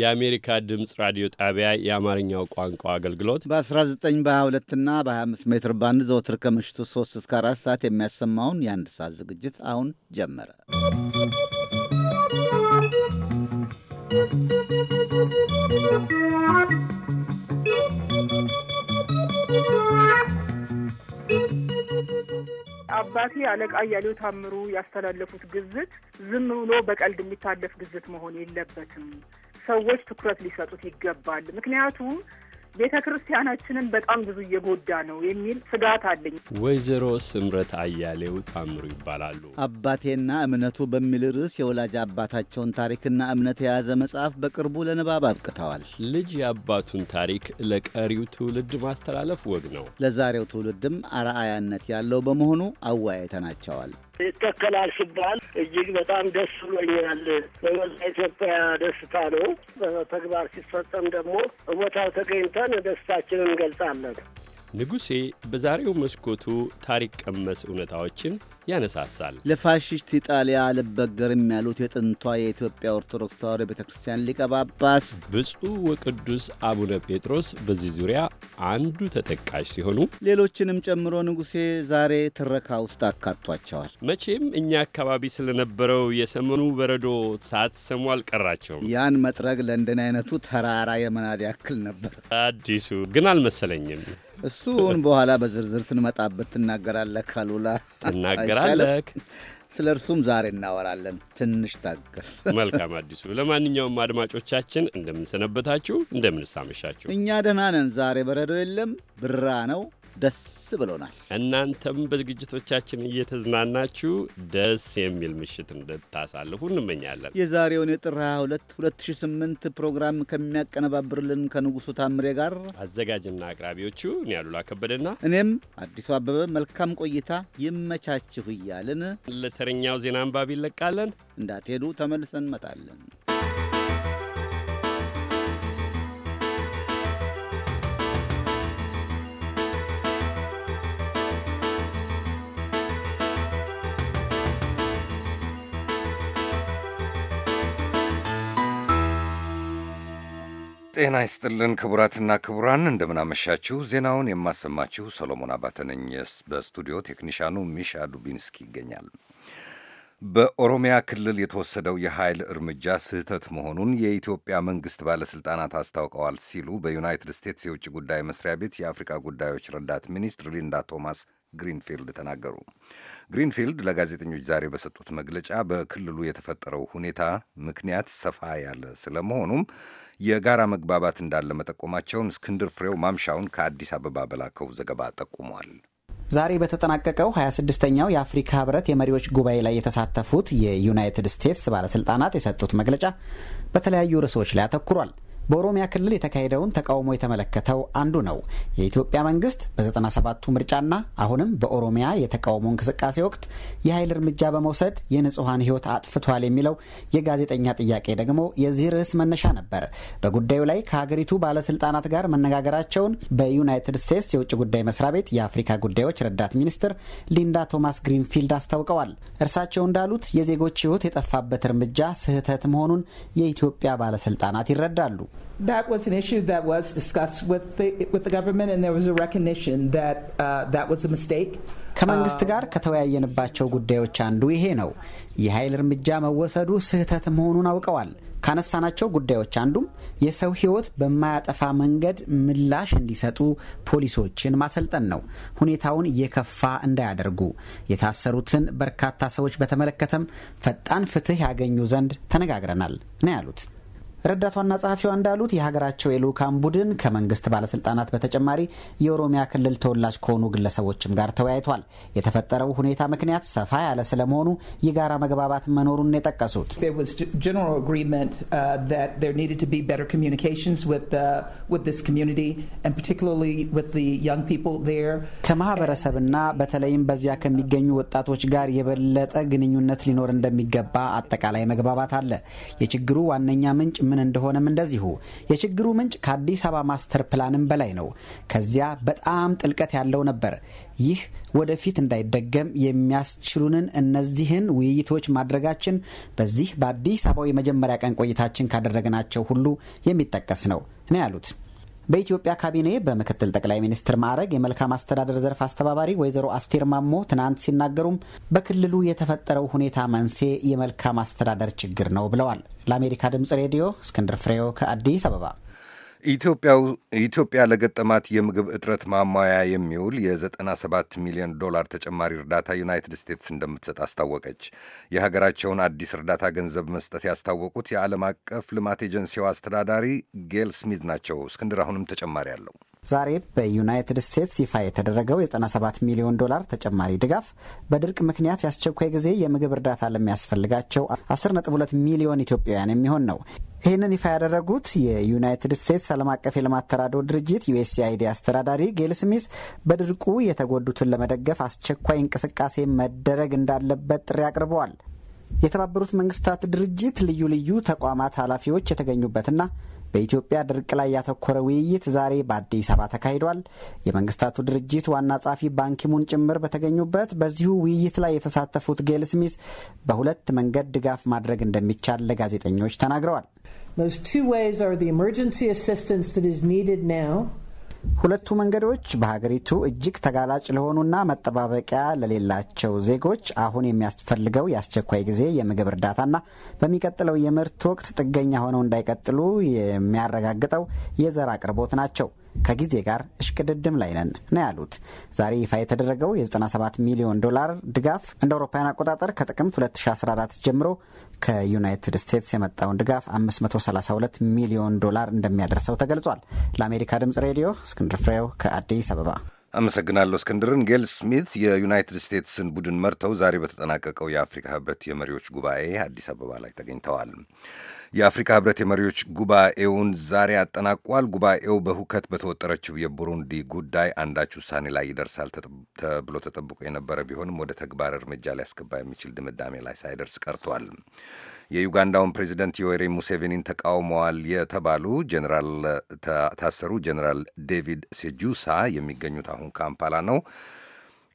የአሜሪካ ድምፅ ራዲዮ ጣቢያ የአማርኛው ቋንቋ አገልግሎት በ19 በ22 እና በ25 ሜትር ባንድ ዘወትር ከምሽቱ 3 እስከ 4 ሰዓት የሚያሰማውን የአንድ ሰዓት ዝግጅት አሁን ጀመረ። አባቴ አለቃ እያሌው ታምሩ ያስተላለፉት ግዝት ዝም ብሎ በቀልድ የሚታለፍ ግዝት መሆን የለበትም ሰዎች ትኩረት ሊሰጡት ይገባል። ምክንያቱም ቤተ ክርስቲያናችንን በጣም ብዙ እየጎዳ ነው የሚል ስጋት አለኝ። ወይዘሮ ስምረት አያሌው ታምሩ ይባላሉ። አባቴና እምነቱ በሚል ርዕስ የወላጅ አባታቸውን ታሪክና እምነት የያዘ መጽሐፍ በቅርቡ ለንባብ አብቅተዋል። ልጅ የአባቱን ታሪክ ለቀሪው ትውልድ ማስተላለፍ ወግ ነው። ለዛሬው ትውልድም አርአያነት ያለው በመሆኑ አወያይተናቸዋል። ይተከላል ሲባል እጅግ በጣም ደስ ብሎኛል። በመላ ኢትዮጵያ ደስታ ነው። በተግባር ሲፈጸም ደግሞ ቦታው ተገኝተን ደስታችንን እንገልጻለን። ንጉሴ በዛሬው መስኮቱ ታሪክ ቀመስ እውነታዎችን ያነሳሳል። ለፋሽስት ኢጣሊያ አልበገርም ያሉት የጥንቷ የኢትዮጵያ ኦርቶዶክስ ተዋሕዶ ቤተ ክርስቲያን ሊቀ ጳጳስ ብፁዕ ወቅዱስ አቡነ ጴጥሮስ በዚህ ዙሪያ አንዱ ተጠቃሽ ሲሆኑ ሌሎችንም ጨምሮ ንጉሴ ዛሬ ትረካ ውስጥ አካቷቸዋል። መቼም እኛ አካባቢ ስለነበረው የሰሞኑ በረዶ ሳትሰሙ አልቀራቸውም። ያን መጥረግ ለእንደን አይነቱ ተራራ የመናድ ያክል ነበር። አዲሱ ግን አልመሰለኝም። እሱን በኋላ በዝርዝር ስንመጣበት ትናገራለህ። ካሉላ ትናገራለህ። ስለ እርሱም ዛሬ እናወራለን። ትንሽ ታገስ። መልካም አዲሱ። ለማንኛውም አድማጮቻችን እንደምንሰነበታችሁ፣ እንደምንሳመሻችሁ፣ እኛ ደህና ነን። ዛሬ በረዶ የለም፣ ብራ ነው። ደስ ብሎናል። እናንተም በዝግጅቶቻችን እየተዝናናችሁ ደስ የሚል ምሽት እንድታሳልፉ እንመኛለን። የዛሬውን የጥር 22 2008 ፕሮግራም ከሚያቀነባብርልን ከንጉሱ ታምሬ ጋር አዘጋጅና አቅራቢዎቹ እኔ አሉላ ከበደና እኔም አዲሱ አበበ መልካም ቆይታ ይመቻችሁ እያልን ለተረኛው ዜና አንባቢ ይለቃለን። እንዳትሄዱ ተመልሰን እንመጣለን። ጤና ይስጥልን ክቡራትና ክቡራን፣ እንደምናመሻችሁ። ዜናውን የማሰማችሁ ሰሎሞን አባተ ነኝ። በስቱዲዮ ቴክኒሻኑ ሚሻ ዱቢንስኪ ይገኛል። በኦሮሚያ ክልል የተወሰደው የኃይል እርምጃ ስህተት መሆኑን የኢትዮጵያ መንግስት ባለሥልጣናት አስታውቀዋል ሲሉ በዩናይትድ ስቴትስ የውጭ ጉዳይ መስሪያ ቤት የአፍሪካ ጉዳዮች ረዳት ሚኒስትር ሊንዳ ቶማስ ግሪንፊልድ ተናገሩ። ግሪንፊልድ ለጋዜጠኞች ዛሬ በሰጡት መግለጫ በክልሉ የተፈጠረው ሁኔታ ምክንያት ሰፋ ያለ ስለመሆኑም የጋራ መግባባት እንዳለ መጠቆማቸውን እስክንድር ፍሬው ማምሻውን ከአዲስ አበባ በላከው ዘገባ ጠቁሟል። ዛሬ በተጠናቀቀው 26ኛው የአፍሪካ ህብረት የመሪዎች ጉባኤ ላይ የተሳተፉት የዩናይትድ ስቴትስ ባለስልጣናት የሰጡት መግለጫ በተለያዩ ርዕሶች ላይ አተኩሯል። በኦሮሚያ ክልል የተካሄደውን ተቃውሞ የተመለከተው አንዱ ነው። የኢትዮጵያ መንግስት በ 97 ምርጫና አሁንም በኦሮሚያ የተቃውሞ እንቅስቃሴ ወቅት የኃይል እርምጃ በመውሰድ የንጹሐን ህይወት አጥፍቷል የሚለው የጋዜጠኛ ጥያቄ ደግሞ የዚህ ርዕስ መነሻ ነበር። በጉዳዩ ላይ ከሀገሪቱ ባለስልጣናት ጋር መነጋገራቸውን በዩናይትድ ስቴትስ የውጭ ጉዳይ መስሪያ ቤት የአፍሪካ ጉዳዮች ረዳት ሚኒስትር ሊንዳ ቶማስ ግሪንፊልድ አስታውቀዋል። እርሳቸው እንዳሉት የዜጎች ህይወት የጠፋበት እርምጃ ስህተት መሆኑን የኢትዮጵያ ባለስልጣናት ይረዳሉ። That was an issue that was discussed with the, with the government and there was a recognition that uh, that was a mistake. ከመንግስት um, ጋር ከተወያየንባቸው ጉዳዮች አንዱ ይሄ ነው። የኃይል እርምጃ መወሰዱ ስህተት መሆኑን አውቀዋል። ካነሳናቸው ጉዳዮች አንዱም የሰው ሕይወት በማያጠፋ መንገድ ምላሽ እንዲሰጡ ፖሊሶችን ማሰልጠን ነው፣ ሁኔታውን እየከፋ እንዳያደርጉ። የታሰሩትን በርካታ ሰዎች በተመለከተም ፈጣን ፍትህ ያገኙ ዘንድ ተነጋግረናል ነው ያሉት። ረዳቷና ጸሐፊዋ እንዳሉት የሀገራቸው የልዑካን ቡድን ከመንግስት ባለስልጣናት በተጨማሪ የኦሮሚያ ክልል ተወላጅ ከሆኑ ግለሰቦችም ጋር ተወያይቷል። የተፈጠረው ሁኔታ ምክንያት ሰፋ ያለ ስለመሆኑ የጋራ መግባባት መኖሩን የጠቀሱት uh, ከማህበረሰብና በተለይም በዚያ ከሚገኙ ወጣቶች ጋር የበለጠ ግንኙነት ሊኖር እንደሚገባ አጠቃላይ መግባባት አለ። የችግሩ ዋነኛ ምንጭ ምን እንደሆነም እንደዚሁ የችግሩ ምንጭ ከአዲስ አበባ ማስተር ፕላንም በላይ ነው። ከዚያ በጣም ጥልቀት ያለው ነበር። ይህ ወደፊት እንዳይደገም የሚያስችሉንን እነዚህን ውይይቶች ማድረጋችን በዚህ በአዲስ አበባው የመጀመሪያ ቀን ቆይታችን ካደረግናቸው ሁሉ የሚጠቀስ ነው ነው ያሉት። በኢትዮጵያ ካቢኔ በምክትል ጠቅላይ ሚኒስትር ማዕረግ የመልካም አስተዳደር ዘርፍ አስተባባሪ ወይዘሮ አስቴር ማሞ ትናንት ሲናገሩም በክልሉ የተፈጠረው ሁኔታ መንስኤ የመልካም አስተዳደር ችግር ነው ብለዋል። ለአሜሪካ ድምጽ ሬዲዮ እስክንድር ፍሬው ከአዲስ አበባ ኢትዮጵያ ለገጠማት የምግብ እጥረት ማሟያ የሚውል የ97 ሚሊዮን ዶላር ተጨማሪ እርዳታ ዩናይትድ ስቴትስ እንደምትሰጥ አስታወቀች። የሀገራቸውን አዲስ እርዳታ ገንዘብ መስጠት ያስታወቁት የዓለም አቀፍ ልማት ኤጀንሲው አስተዳዳሪ ጌል ስሚዝ ናቸው። እስክንድር አሁንም ተጨማሪ አለው። ዛሬ በዩናይትድ ስቴትስ ይፋ የተደረገው የ97 ሚሊዮን ዶላር ተጨማሪ ድጋፍ በድርቅ ምክንያት የአስቸኳይ ጊዜ የምግብ እርዳታ ለሚያስፈልጋቸው 10.2 ሚሊዮን ኢትዮጵያውያን የሚሆን ነው። ይህንን ይፋ ያደረጉት የዩናይትድ ስቴትስ ዓለም አቀፍ የልማት ተራድኦ ድርጅት ዩኤስኤአይዲ አስተዳዳሪ ጌል ስሚስ በድርቁ የተጎዱትን ለመደገፍ አስቸኳይ እንቅስቃሴ መደረግ እንዳለበት ጥሪ አቅርበዋል። የተባበሩት መንግስታት ድርጅት ልዩ ልዩ ተቋማት ኃላፊዎች የተገኙበትና በኢትዮጵያ ድርቅ ላይ ያተኮረ ውይይት ዛሬ በአዲስ አበባ ተካሂዷል። የመንግስታቱ ድርጅት ዋና ጸሐፊ ባንኪሙን ጭምር በተገኙበት በዚሁ ውይይት ላይ የተሳተፉት ጌል ስሚስ በሁለት መንገድ ድጋፍ ማድረግ እንደሚቻል ለጋዜጠኞች ተናግረዋል። ሁለቱ መንገዶች በሀገሪቱ እጅግ ተጋላጭ ለሆኑና መጠባበቂያ ለሌላቸው ዜጎች አሁን የሚያስፈልገው የአስቸኳይ ጊዜ የምግብ እርዳታና በሚቀጥለው የምርት ወቅት ጥገኛ ሆነው እንዳይቀጥሉ የሚያረጋግጠው የዘር አቅርቦት ናቸው። ከጊዜ ጋር እሽቅድድም ላይ ነን ነው ያሉት። ዛሬ ይፋ የተደረገው የ97 ሚሊዮን ዶላር ድጋፍ እንደ አውሮፓውያን አቆጣጠር ከጥቅምት 2014 ጀምሮ ከዩናይትድ ስቴትስ የመጣውን ድጋፍ 532 ሚሊዮን ዶላር እንደሚያደርሰው ተገልጿል። ለአሜሪካ ድምፅ ሬዲዮ እስክንድር ፍሬው ከአዲስ አበባ አመሰግናለሁ። እስክንድርን። ጌል ስሚት የዩናይትድ ስቴትስን ቡድን መርተው ዛሬ በተጠናቀቀው የአፍሪካ ህብረት የመሪዎች ጉባኤ አዲስ አበባ ላይ ተገኝተዋል። የአፍሪካ ህብረት የመሪዎች ጉባኤውን ዛሬ አጠናቋል። ጉባኤው በሁከት በተወጠረችው የቡሩንዲ ጉዳይ አንዳች ውሳኔ ላይ ይደርሳል ተብሎ ተጠብቆ የነበረ ቢሆንም ወደ ተግባር እርምጃ ሊያስገባ የሚችል ድምዳሜ ላይ ሳይደርስ ቀርቷል። የዩጋንዳውን ፕሬዚደንት ዮዌሪ ሙሴቬኒን ተቃውመዋል የተባሉ ጀኔራል ታሰሩ። ጀኔራል ዴቪድ ሴጁሳ የሚገኙት አሁን ካምፓላ ነው።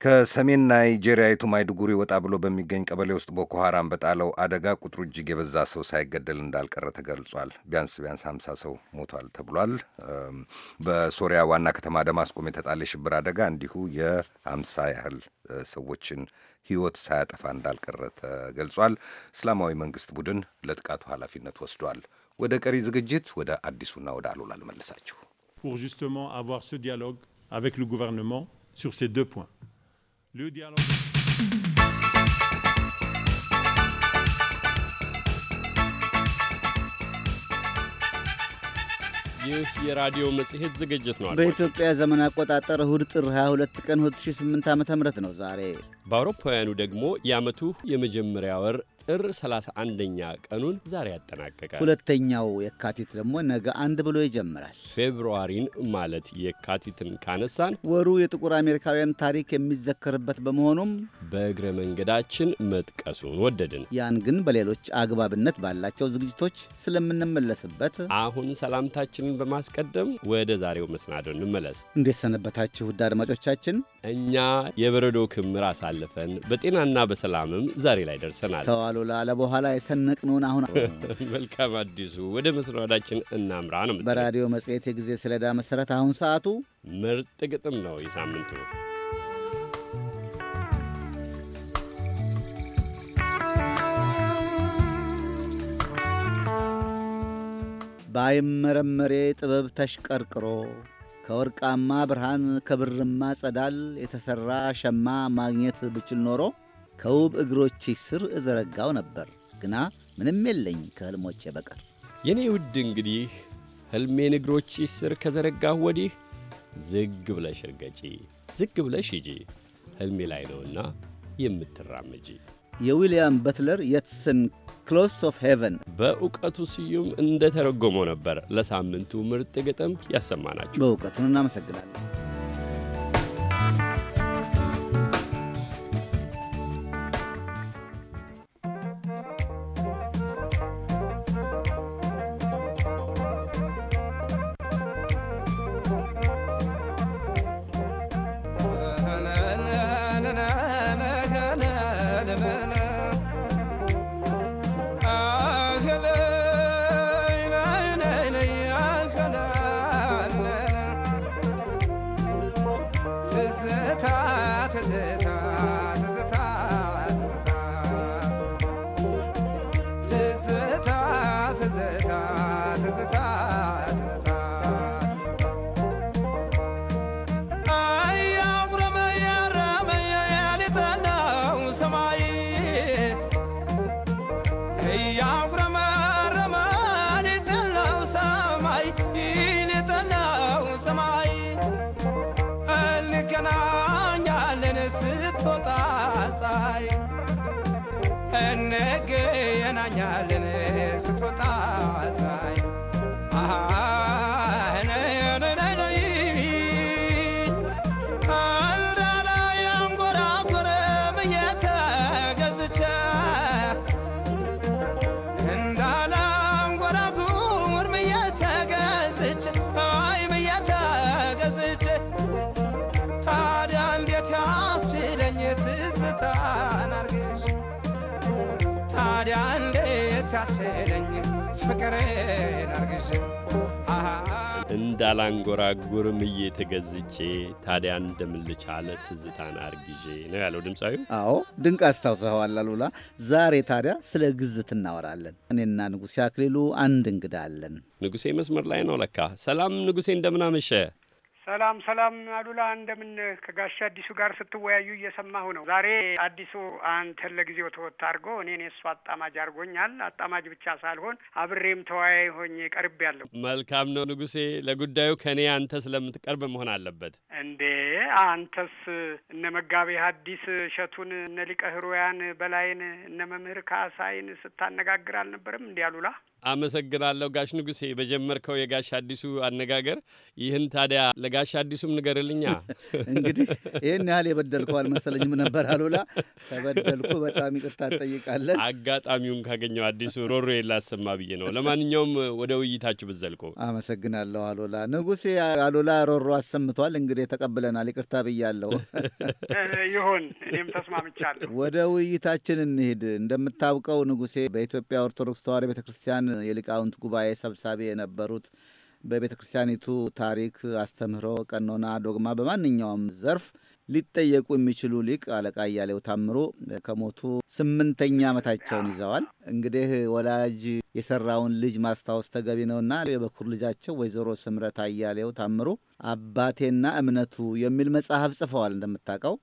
ከሰሜን ናይጄሪያዊቱ ማይዱጉሪ ወጣ ብሎ በሚገኝ ቀበሌ ውስጥ ቦኮ ሃራም በጣለው አደጋ ቁጥሩ እጅግ የበዛ ሰው ሳይገደል እንዳልቀረ ተገልጿል። ቢያንስ ቢያንስ 50 ሰው ሞቷል ተብሏል። በሶሪያ ዋና ከተማ ደማስቆም የተጣለ ሽብር አደጋ እንዲሁ የ50 ያህል ሰዎችን ሕይወት ሳያጠፋ እንዳልቀረ ተገልጿል። እስላማዊ መንግስት ቡድን ለጥቃቱ ኃላፊነት ወስዷል። ወደ ቀሪ ዝግጅት ወደ አዲሱና ወደ አሉላ ልመልሳችሁ። ፖር justement avoir ce ዲያሎግ አቬክ le gouvernement sur ces deux Ljudjanov. ይህ የራዲዮ መጽሔት ዝግጅት ነው። በኢትዮጵያ ዘመን አቆጣጠር እሁድ ጥር 22 ቀን 2008 ዓ ም ነው ዛሬ። በአውሮፓውያኑ ደግሞ የዓመቱ የመጀመሪያ ወር ጥር 31ኛ ቀኑን ዛሬ ያጠናቀቃል። ሁለተኛው የካቲት ደግሞ ነገ አንድ ብሎ ይጀምራል። ፌብሩዋሪን ማለት የካቲትን ካነሳን ወሩ የጥቁር አሜሪካውያን ታሪክ የሚዘከርበት በመሆኑም በእግረ መንገዳችን መጥቀሱን ወደድን። ያን ግን በሌሎች አግባብነት ባላቸው ዝግጅቶች ስለምንመለስበት አሁን ሰላምታችንን በማስቀደም ወደ ዛሬው መሰናዶ እንመለስ። እንዴት ሰነበታችሁ ውድ አድማጮቻችን? እኛ የበረዶ ክምር አሳልፈን በጤናና በሰላምም ዛሬ ላይ ደርሰናል። አሉላ ለበኋላ የሰነቅነውን አሁን መልካም አዲሱ ወደ መሰናዳችን እናምራ ነው። በራዲዮ መጽሔት የጊዜ ሰሌዳ መሠረት አሁን ሰዓቱ ምርጥ ግጥም ነው። የሳምንቱ ባይመረመሬ ጥበብ ተሽቀርቅሮ ከወርቃማ ብርሃን ከብርማ ጸዳል የተሠራ ሸማ ማግኘት ብችል ኖሮ ከውብ እግሮችሽ ስር እዘረጋው ነበር፣ ግና ምንም የለኝ ከሕልሞቼ በቀር። የኔ ውድ እንግዲህ ሕልሜን እግሮችሽ ስር ከዘረጋሁ ወዲህ ዝግ ብለሽ እርገጪ፣ ዝግ ብለሽ ሂጂ፣ ሕልሜ ላይ ነውና የምትራመጂ። የዊልያም በትለር የትስን ክሎስ ኦፍ ሄቨን በእውቀቱ ስዩም እንደ ተረጎመው ነበር። ለሳምንቱ ምርጥ ግጥም ያሰማናችሁ በእውቀቱን እናመሰግናለን። ታዲያ እንዴት ያስችለኝ ፍቅሬን አርግዤ እንዳላንጎራጉርም እየተገዝቼ ታዲያ እንደምልቻለ ትዝታን አርግዤ ነው ያለው ድምፃዊ። አዎ ድንቅ አስታውሰዋል አሉላ። ዛሬ ታዲያ ስለ ግዝት እናወራለን። እኔና ንጉሴ አክሊሉ አንድ እንግዳ አለን። ንጉሴ መስመር ላይ ነው ለካ። ሰላም ንጉሴ፣ እንደምናመሸ ሰላም ሰላም፣ አሉላ እንደምን ከጋሽ አዲሱ ጋር ስትወያዩ እየሰማሁ ነው። ዛሬ አዲሱ አንተን ለጊዜው ተወት አድርጎ እኔን የእሱ አጣማጅ አድርጎኛል። አጣማጅ ብቻ ሳልሆን አብሬም ተወያይ ሆኜ ቀርብ ያለሁ መልካም ነው ንጉሴ። ለጉዳዩ ከእኔ አንተ ስለምትቀርብ መሆን አለበት እንዴ? አንተስ እነ መጋቤ ሐዲስ እሸቱን እነ ሊቀ ሕሩያን በላይን እነ መምህር ካሳይን ስታነጋግር አልነበረም እንዲህ አሉላ? አመሰግናለሁ ጋሽ ንጉሴ በጀመርከው የጋሽ አዲሱ አነጋገር ይህን ታዲያ ለጋሽ አዲሱም ንገርልኛ። እንግዲህ ይህን ያህል የበደልከው አልመሰለኝም ነበር አሉላ። ተበደልኩ፣ በጣም ይቅርታ እጠይቃለን። አጋጣሚውን ካገኘው አዲሱ ሮሮ የላሰማ ብዬ ነው። ለማንኛውም ወደ ውይይታችሁ ብትዘልቁ አመሰግናለሁ አሉላ። ንጉሴ አሉላ ሮሮ አሰምቷል። እንግዲህ ተቀብለናል። ይቅርታ ብያለሁ። ይሁን፣ እኔም ተስማምቻለሁ። ወደ ውይይታችን እንሂድ። እንደምታውቀው ንጉሴ በኢትዮጵያ ኦርቶዶክስ ተዋህዶ ቤተክርስቲያን የሊቃውንት ጉባኤ ሰብሳቢ የነበሩት በቤተ ክርስቲያኒቱ ታሪክ፣ አስተምህሮ፣ ቀኖና፣ ዶግማ በማንኛውም ዘርፍ ሊጠየቁ የሚችሉ ሊቅ አለቃ እያሌው ታምሩ ከሞቱ ስምንተኛ ዓመታቸውን ይዘዋል። እንግዲህ ወላጅ የሰራውን ልጅ ማስታወስ ተገቢ ነውና የበኩር ልጃቸው ወይዘሮ ስምረት አያሌው ታምሩ አባቴና እምነቱ የሚል መጽሐፍ ጽፈዋል። እንደምታውቀው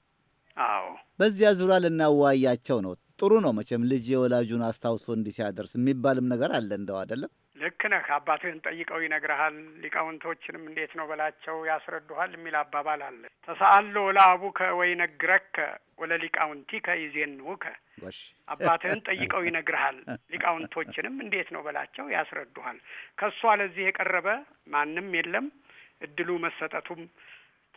አዎ፣ በዚያ ዙሪያ ልናዋያቸው ነው። ጥሩ ነው መቼም ልጅ የወላጁን አስታውሶ እንዲህ ሲያደርስ የሚባልም ነገር አለ እንደው አይደለም። ልክ ነህ። አባትህን ጠይቀው ይነግርሃል። ሊቃውንቶችንም እንዴት ነው በላቸው ያስረዱሃል የሚል አባባል አለ። ተሳአሎ ለአቡከ ወይነግረከ ወለሊቃውንቲከ ውከ አባትህን ጠይቀው ይነግርሃል፣ ሊቃውንቶችንም እንዴት ነው በላቸው ያስረዱሃል። ከእሷ ለዚህ የቀረበ ማንም የለም። እድሉ መሰጠቱም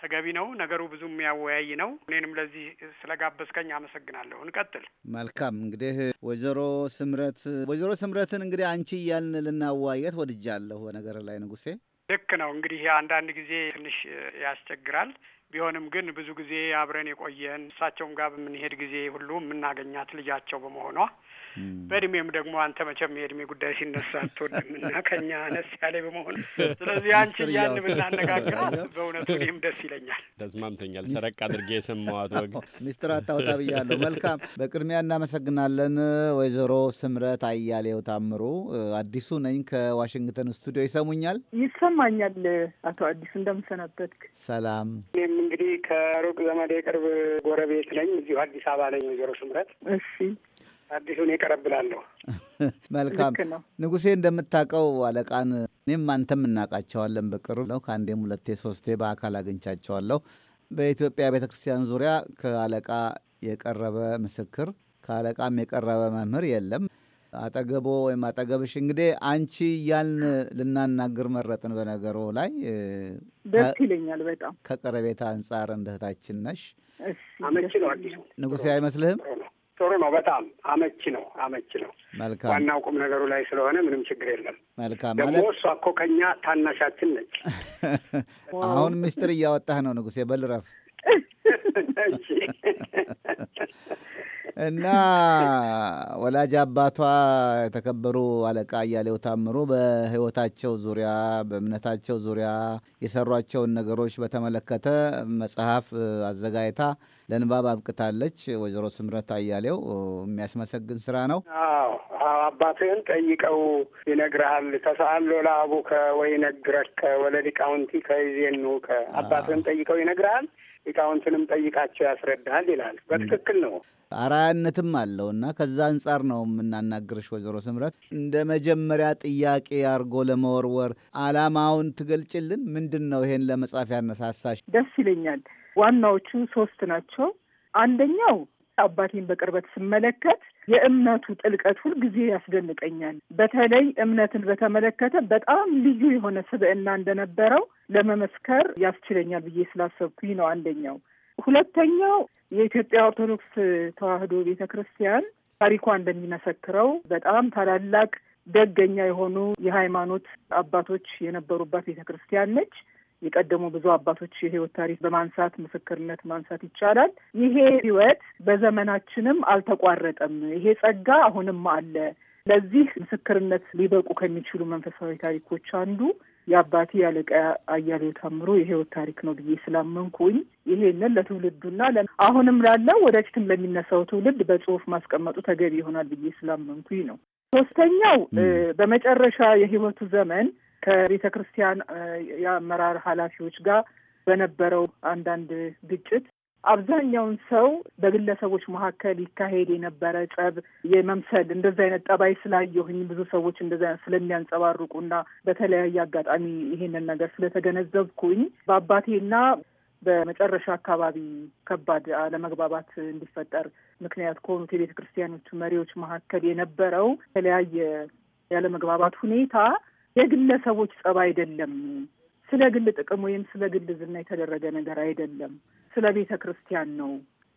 ተገቢ ነው። ነገሩ ብዙ የሚያወያይ ነው። እኔንም ለዚህ ስለጋበዝከኝ አመሰግናለሁ። እንቀጥል። መልካም እንግዲህ ወይዘሮ ስምረት ወይዘሮ ስምረትን እንግዲህ አንቺ እያልን ልናዋየት ወድጃለሁ። በነገር ላይ ንጉሴ ልክ ነው። እንግዲህ አንዳንድ ጊዜ ትንሽ ያስቸግራል። ቢሆንም ግን ብዙ ጊዜ አብረን የቆየን እሳቸውም ጋር በምንሄድ ጊዜ ሁሉ የምናገኛት ልጃቸው በመሆኗ በእድሜም ደግሞ አንተ መቼም የእድሜ ጉዳይ ሲነሳ አትወድምና ከኛ አነስ ያለ በመሆኑ ስለዚህ አንቺ እያን ብናነጋግራት በእውነቱ እኔም ደስ ይለኛል። ተስማምተኛል ሰረቅ አድርጌ የሰማዋት ወግ ሚስትር አታውጣ ብያለሁ። መልካም። በቅድሚያ እናመሰግናለን ወይዘሮ ስምረት አያሌው ታምሩ። አዲሱ ነኝ ከዋሽንግተን ስቱዲዮ። ይሰሙኛል? ይሰማኛል። አቶ አዲሱ እንደምሰነበትክ? ሰላም። እኔም እንግዲህ ከሩቅ ዘመዴ የቅርብ ጎረቤት ነኝ። እዚሁ አዲስ አበባ ነኝ። ወይዘሮ ስምረት እሺ አዲሱን ይቀረብላለሁ። መልካም ንጉሴ፣ እንደምታውቀው አለቃን እኔም አንተም እናውቃቸዋለን። በቅርብ ነው፣ ከአንዴም ሁለቴ ሶስቴ በአካል አግኝቻቸዋለሁ። በኢትዮጵያ ቤተ ክርስቲያን ዙሪያ ከአለቃ የቀረበ ምስክር ከአለቃም የቀረበ መምህር የለም። አጠገቦ ወይም አጠገብሽ እንግዲህ አንቺ እያልን ልናናግር መረጥን። በነገሮ ላይ ደስ ይለኛል በጣም ከቀረቤታ አንጻር እንደህታችን ነሽ። አመቺ ነው አዲሱ ንጉሴ አይመስልህም? ጥሩ ነው። በጣም አመቺ ነው፣ አመቺ ነው። መልካም ዋናው ቁም ነገሩ ላይ ስለሆነ ምንም ችግር የለም። መልካም ደግሞ እሷ እኮ ከኛ ታናሻችን ነች። አሁን ምስጢር እያወጣህ ነው ንጉሴ፣ በልረፍ እና ወላጅ አባቷ የተከበሩ አለቃ እያሌው ታምሩ በሕይወታቸው ዙሪያ በእምነታቸው ዙሪያ የሰሯቸውን ነገሮች በተመለከተ መጽሐፍ አዘጋጅታ ለንባብ አብቅታለች። ወይዘሮ ስምረት አያሌው የሚያስመሰግን ስራ ነው። አዎ አባትህን ጠይቀው ይነግርሃል። ተሰአሎ ለአቡከ ወይነግረከ ወለሊቃውንቲ ከይዜኑ ከአባትህን ጠይቀው ይነግርሃል። ሊቃውንትንም ጠይቃቸው ያስረዳል ይላል። በትክክል ነው። አራያነትም አለው እና ከዛ አንጻር ነው የምናናግርሽ ወይዘሮ ስምረት እንደ መጀመሪያ ጥያቄ አርጎ ለመወርወር አላማውን ትገልጭልን። ምንድን ነው ይሄን ለመጻፍ ያነሳሳሽ? ደስ ይለኛል። ዋናዎቹ ሶስት ናቸው። አንደኛው አባቴን በቅርበት ስመለከት የእምነቱ ጥልቀት ሁልጊዜ ያስደንቀኛል። በተለይ እምነትን በተመለከተ በጣም ልዩ የሆነ ስብዕና እንደነበረው ለመመስከር ያስችለኛል ብዬ ስላሰብኩኝ ነው አንደኛው። ሁለተኛው የኢትዮጵያ ኦርቶዶክስ ተዋሕዶ ቤተ ክርስቲያን ታሪኳ እንደሚመሰክረው በጣም ታላላቅ ደገኛ የሆኑ የሃይማኖት አባቶች የነበሩባት ቤተ ክርስቲያን ነች። የቀደሙ ብዙ አባቶች የህይወት ታሪክ በማንሳት ምስክርነት ማንሳት ይቻላል። ይሄ ህይወት በዘመናችንም አልተቋረጠም። ይሄ ጸጋ አሁንም አለ። ለዚህ ምስክርነት ሊበቁ ከሚችሉ መንፈሳዊ ታሪኮች አንዱ የአባቴ ያለቃ አያሌው ታምሮ የህይወት ታሪክ ነው ብዬ ስላመንኩኝ ይሄንን ለትውልዱና አሁንም ላለው ወደፊትም ለሚነሳው ትውልድ በጽሁፍ ማስቀመጡ ተገቢ ይሆናል ብዬ ስላመንኩኝ ነው። ሶስተኛው በመጨረሻ የህይወቱ ዘመን ከቤተ ክርስቲያን የአመራር ኃላፊዎች ጋር በነበረው አንዳንድ ግጭት አብዛኛውን ሰው በግለሰቦች መካከል ይካሄድ የነበረ ጸብ የመምሰል እንደዚ አይነት ጠባይ ስላየሁኝ ብዙ ሰዎች እንደዚ ስለሚያንጸባርቁና በተለያየ አጋጣሚ ይሄንን ነገር ስለተገነዘብኩኝ በአባቴና በመጨረሻ አካባቢ ከባድ አለመግባባት እንዲፈጠር ምክንያት ከሆኑት የቤተ ክርስቲያኖቹ መሪዎች መካከል የነበረው የተለያየ ያለመግባባት ሁኔታ የግለሰቦች ጸብ አይደለም። ስለ ግል ጥቅም ወይም ስለ ግል ዝና የተደረገ ነገር አይደለም። ስለ ቤተ ክርስቲያን ነው